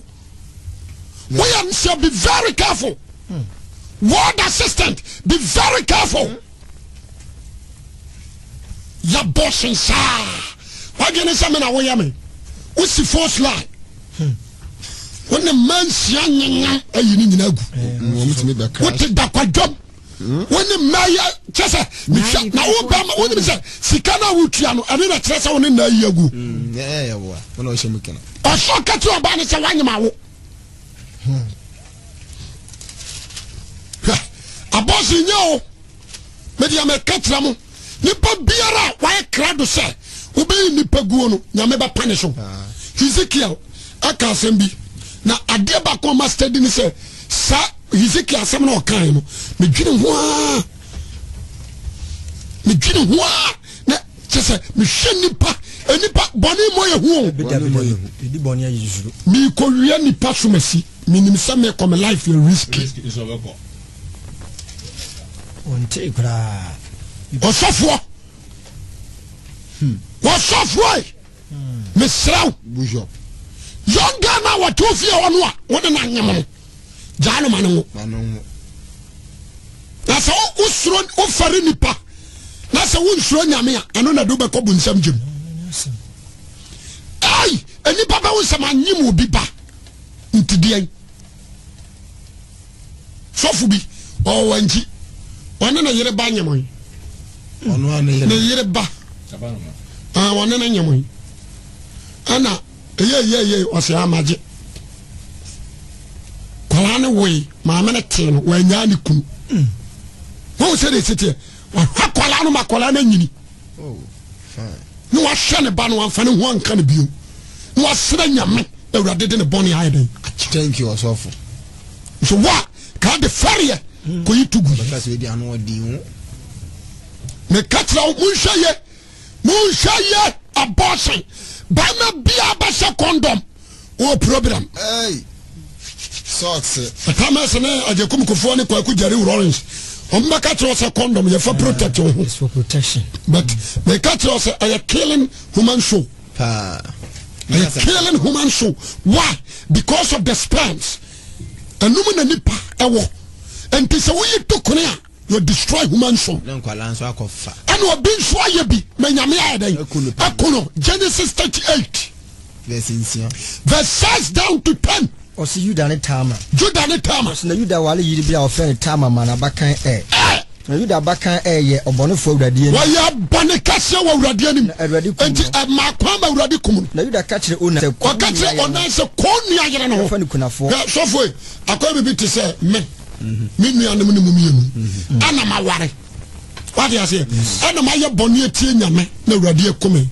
woyɛ nsia be very careful ward assistant be very careful yabɔ sinsaa wagye ne sɛ mi na woyɛ mi wosi first line wọn ni mmansia nyanya ayi ni nyina gu wote dakwadwam wone mmaya kyɛ sɛ mehwɛ na woba ma wonim sɛ sika no mm, a wotua no ɛne na kyerɛ sɛ wone naayi agu ɔsɛ ka te ɔba ne sɛ woanyema wo abɔse nyɛ o mede amɛka kyerɛ mo nipa biara a wayɛ kra do sɛ wobɛyi nipa guo no nyame bɛpane so hesekiel ah. aka asɛm bi na adeɛ baako ɔma stadi ni sɛ saa hezekiel asɛm na ɔkae no medwene ho a medwene ho a na kyɛ sɛ mehwɛ nipa nipa bɔne mmɔ yɛ ho meekɔwia nipa somasi menim sɛ mekɔ me life yɛ risky ɔsɔfoɔ ɔsɔfoɔ hmm. mesrɛ wo yɔnga na wɔte ofie hɔ no a wode no anyem no gyaa no ma Nasa wo na sɛ wosuro wofare nipa na sɛ wonsuro nyame a ɛno na de wobɛkɔ bu nsɛm gyem ai anipa bɛwo nsɛm anyim obi ba ntideɛn sɔfo bi ɔwɔ nkyi ɔne ne yere ba nyɛmɔe ne yere ba ah, ɔne ne nyɛmɔe ɛna ɛyɛyɛyɛ ɔsɛ amagye ne woe maame ne tee no wanyaa ne kunu hmm. wɔn sɛ de sitiɛ wahwɛ kɔlaa no ma kɔlaa no anyini ne oh, wahyɛ ne ba no wamfa ne ho anka no bio ne wasrɛ nyame awurade de ne bɔne ayɛ den thank you ɔsɔfo nso wo a kaa de fɛreɛ hmm. kɔyi to gu meka kyerɛ wo monhwɛ ye monhwɛ ye abɔsen bɛma bia bɛhyɛ kɔndɔm wɔ problem hey socks hamas ne agyekum kofoɔ ne kwaku gyare rollins ɔmba ka kyerɛ sɛ condom yɛfa protect wo ho but meka kyerɛ sɛ ɛyɛ killing human show ɛyɛ killing human soul. why because of the spams ɛnom na nipa ɛwɔ ɛnti sɛ woyi tokone a you destroy human soul. ɛna obi nso ayɛ bi mɛ nyame ayɛ dɛ ɛkono genesis thirty eight verse six down to ten ɔsi yuda ne taama. juda ne taama. ɔsi na yuda wale yiri bi a ɔfɛ ne taama ma na abakan ɛ. ɛ na yuda abakan ɛ yɛ ɔbɔnefo awuradeɛ nim. wɔyɛ abɔne kɛseɛ wɔ awuradeɛ nim. na awurade kumu nti ɛmaa kwan bɛ awurade kumu. na yuda kakyere ona. ɔka kyerɛ ɔna sɛ kɔn nua yɛrɛ ne ho. ɔfɛ ne kunafoɔ. ɛ sɔfoe akɔyɛ bibi ti sɛ mɛ mi nua ne mu ne mu mienu mhm. Ana ma ware wade aseɛ ɛna ma yɛ bɔne etie nyame na awurade ekume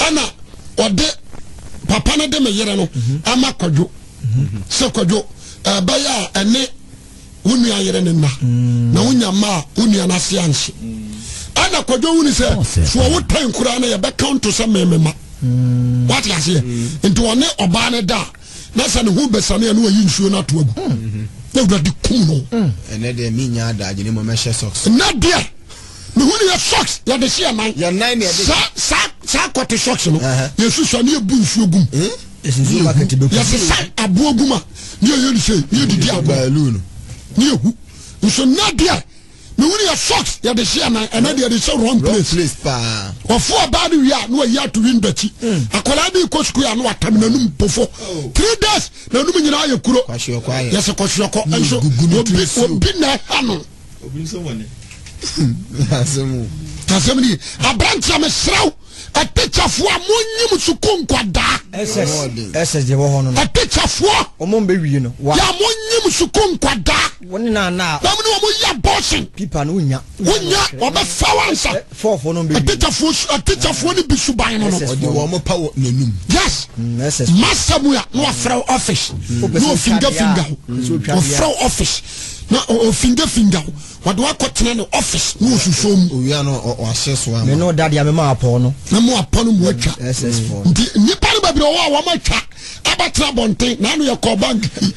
Ana mhm. ɔde papa ne de me yɛrɛ no mhm. ama kɔdwo. Mhm. sɛ kwadwo ɛbɛyɛ eh, a ɛne wo nua yere ne mm. na na mm. wonya oh, ma mm. a wo nua no ase anhye ɛna kwadwo wuni sɛ wo tan koraa no yɛbɛka nto sɛ memema wate aseɛ nti ɔne ɔbaa no da na sɛ ne ho bɛsaneɛ ne wayi nsuo no ato agu na wurade kum no ɛnɛ deɛ menya adagye ne mɔmɛhyɛ socks na deɛ mehunu yɛ socks yɛde hyeɛ nan saa kɔte socks no yɛsusua ne yɛbu nsuo gum eh? esinsin market bɛ kɔ. yasisa aboɔ guma ni yɛ yɛli se ni yɛ didi aboɔ ni yɛ hu nso nadia mi wuli yɛ socks yɛ de se ɛna ɛna de yɛ de se wrong place ɔfo ɔbaa ni wia ni wa yi ato win dɔkyi mm. akwadaa bi kɔ sukuu yɛ ni wa tam nanum pofo oh. three days nanum nyinaa yɛ kuro yɛsɛ kɔsiɔkɔ nso obi obi na ɛhanu. tasɛm ni aberanteɛ mi siraw atikyafoɔ a monyim suku nkwadaa atikyafoɔ yɛ monyim suku nkwadaa na mone wɔmoyɛ bɔsen wonya wɔbɛfa wansatikyafoɔ no bi suban no no yes mm, masa mu a na wafrɛ office mm. na ofinga finga ho mm. wɔfrɛ office na ofinge finga wade wakɔtena ne office ne wɔsusoo mu no wahyɛ so ama mene da deɛ mema apɔ no na mo apɔ no mu atwa mm. nti nnipa no babiri ɔwɔ a wɔma atwa abɛtena abɔnten na ano yɛkɔɔ bank bi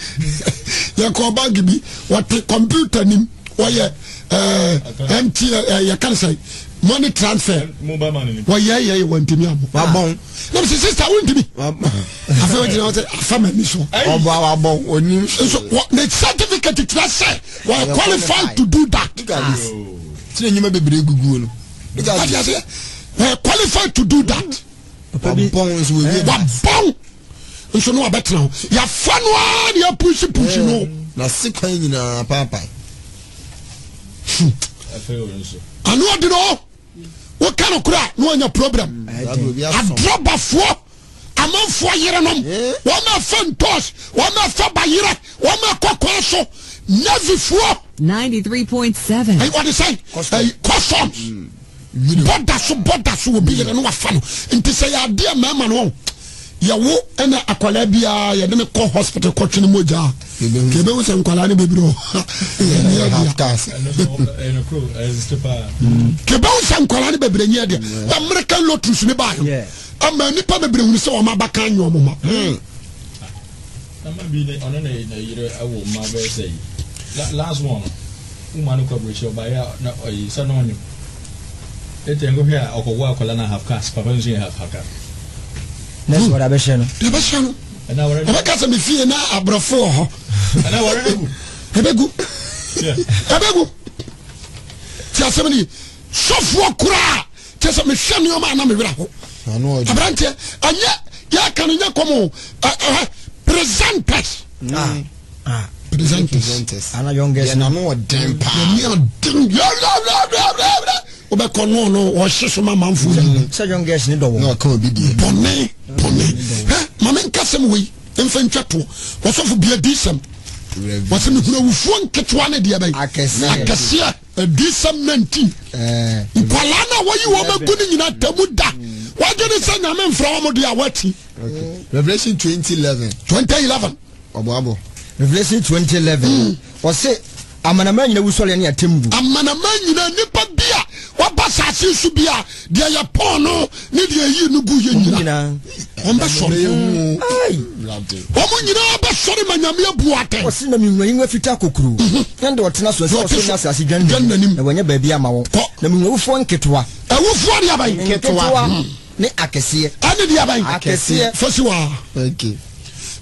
yɛkɔɔ bank bi wɔte computer nim wɔyɛ ɛɛ eh, eh, yɛka ne sɛ money transfer wɔyɛ yɛ yɛ wɔn ntumi abo wabɔn na mi sɛ sista wo ntumi afɛ wɔn gyina wɔn sɛ afa ma mi so ɔbɔ wabɔn onim nso ne certificate tura sɛ wɔyɛ qualified to do that sinɛ nyuma bebree gugu no ati ase wɔyɛ qualified to do that wabɔn nso wɔ wie wabɔn nso no wabɛtena ho yafa no ara de apusi pusi no na se kwan nyinaa paapaa. Ano ɔdi no. woka nokoraa ne wanya problem adrɛbafuɔ amafoɔ yerenom wɔmafa ntos wɔmafa bayerɛ wɔma kokoe so nasifuode sɛ coson boda so bda so wobiyene ne wfa no nti sɛyɛadeɛ mama ne yɛwo ɛna akwadaa biara yɛde ne kɔ hospital kɔtwe ne mogya kebe wo sɛ nkwadaa ne bebree wɔ yɛnyɛ deɛ kebe wo sɛ nkwadaa ne bebree nyɛ deɛ american lotus ne baa yɛ ama nipa bebree hun sɛ wɔn aba kan nyɛ wɔn ma. Hmm. last one woman kɔ bɛrɛ ɔba yɛ sɛ n'ɔnye ɛtɛ nkɔhwɛ a ɔkɔwɔ akwadaa na half cash papa nso yɛ half cash nurse wɔde abɛhyɛ no de abɛhyɛ no ɛbɛka sɛ mefie na aborɔfo wɔ hɔ ɛbɛgu ɛbɛgu ti asɛm ne sɔfoɔ koraa kyɛ Na, mehwɛ nneɔma ana mewerɛ ho aberanteɛ ɛnyɛ yɛaka no nyɛ kɔm ah. Hmm. Ah. presenters presenters wobɛkɔ no no wɔhye so ma mamfo hmm. bɔne maame nkasɛm wei mfa ntwa wɔsɔfo bia disɛm wɔsɛ mehunu awufoɔ nketewa ne deɛ bɛyi akɛseɛ adisɛm 19 nkwalaa no a wɔyi wɔm agu no nyina tamu da wɔagye sɛ nyame mfra wɔ mo a wɔati revelation 2011 2011 ɔboabɔ revelation 2011 mm. ɔse amanama nyina wusɔre ne atem bu amanama nyina nipa bi a waba saase so bi a deɛ yɛ pɔn no ne deɛ yi no gu yɛ nyina wɔn bɛ sɔre wɔn nyinaa bɛ sɔre ma nyameɛ bu atɛ ɔsi na mi nwura yiwa fitaa mhm. yɛn de ɔtena so ɛsɛ ɔsɔ ne asase dwan nanim na wɔnyɛ baabi ama wɔn na mi nwura wufoɔ nketewa ɛwufoɔ de abayi nketewa ne akɛseɛ ɛne de abayi akɛseɛ fɔsi wa.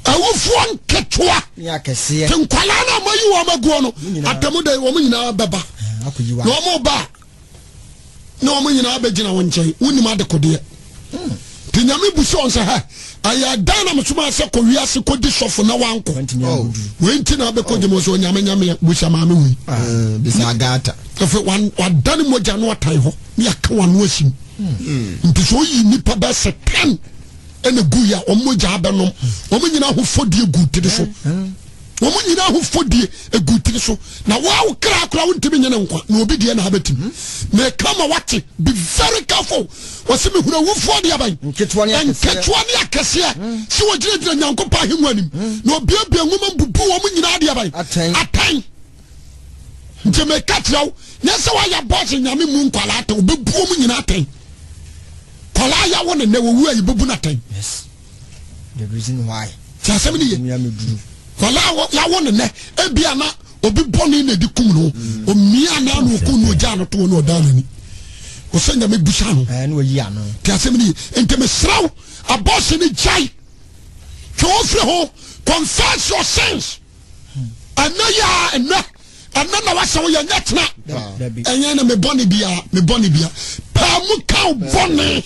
awufoɔ nketewa nti nkwalaa no a mayi wɔ maguɔ no atamu dɛ wɔn nyinaa bɛba na wɔn ba na wɔn nyinaa bɛgyina wɔn nkyɛn wonim adekodeɛ hmm. nti nyame busu wɔn sɛ ha ayɛ adan na mesoma sɛ kɔ wiase kɔdi sɔfo na wankɔ wei nti na wabɛkɔ gyema sɛ onyame nyame busa maame wi ah, afei wadane mogya no watae hɔ ne yɛka wano asim hmm. nti sɛ oyi nnipa bɛsɛ 10 ɛna gu ya ɔmo gya abɛnom ɔmo nyinaa ho fɔdie gu tiri so ɔmo nyinaa ho fɔdie egu tiri so na wɔn awo kra akora wɔn ntumi nyina nkwa na obi deɛ na abɛtim na ɛka ma wate be very careful wɔsi mi huna wufuo deɛ ban nketewa ne akɛseɛ si wɔ gyinagyina nyanko pa ahengua nim na obiabia nwoma bubu wɔn nyinaa deɛ ban atan nti mɛ kakyɛw nyɛ sɛ wɔayɛ bɔs nyame mu nkwalaa atɛn obi bu wɔn nyinaa atan. kɔla ya wɔ ne nɛ wowu a yɛbɛbu no atɛn nti asɛm ne ye kɔla ya wɔ ne nɛ ebia na obi bɔne na ɛdi kum no ɔmmia mm. na na ɔkum no ɔgyaa no toɔ na ɔdaa n'ani ɔsɛ nyame busa no nti asɛm ne ye nti mesrɛ wo abɔse no gyae twɛ wo firi ho confess your sins hmm. ɛnɛ yɛ a ɛnɛ ɛno na wasɛ woyɛ nyɛ tena ɛnyɛ na mebɔne bia mebɔne bia paa mu kaw bɔne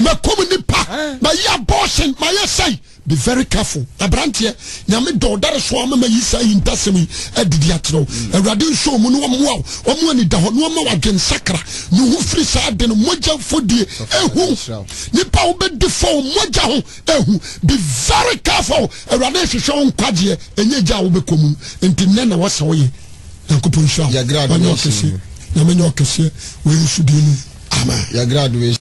makom nipa mayi abɔɔsen mayɛ sɛi be very careful aberanteɛ nyame dɔɔ dare so ama mayi saa yintasɛm yi eh, adidi akyerɛ eh, wo awurade nsuo mu ne wɔmmoa wo ɔmo ani da hɔ ne ɔma wadwensakra ne ho firi saa de no mogya mfodie eh, ɛhu nipa wobɛdi fa wo mogya ho ɛhu be very careful awurade hwehwɛ wo nkwagyeɛ ɛnyɛ gya a wobɛkɔ mu nti nnɛ na wɔsɛ woyɛ nyankopɔn hyɛ a ɔnyɛ ɔkɛseɛ nyame nyɛ ɔkɛseɛ wɔyɛ nsu din no amen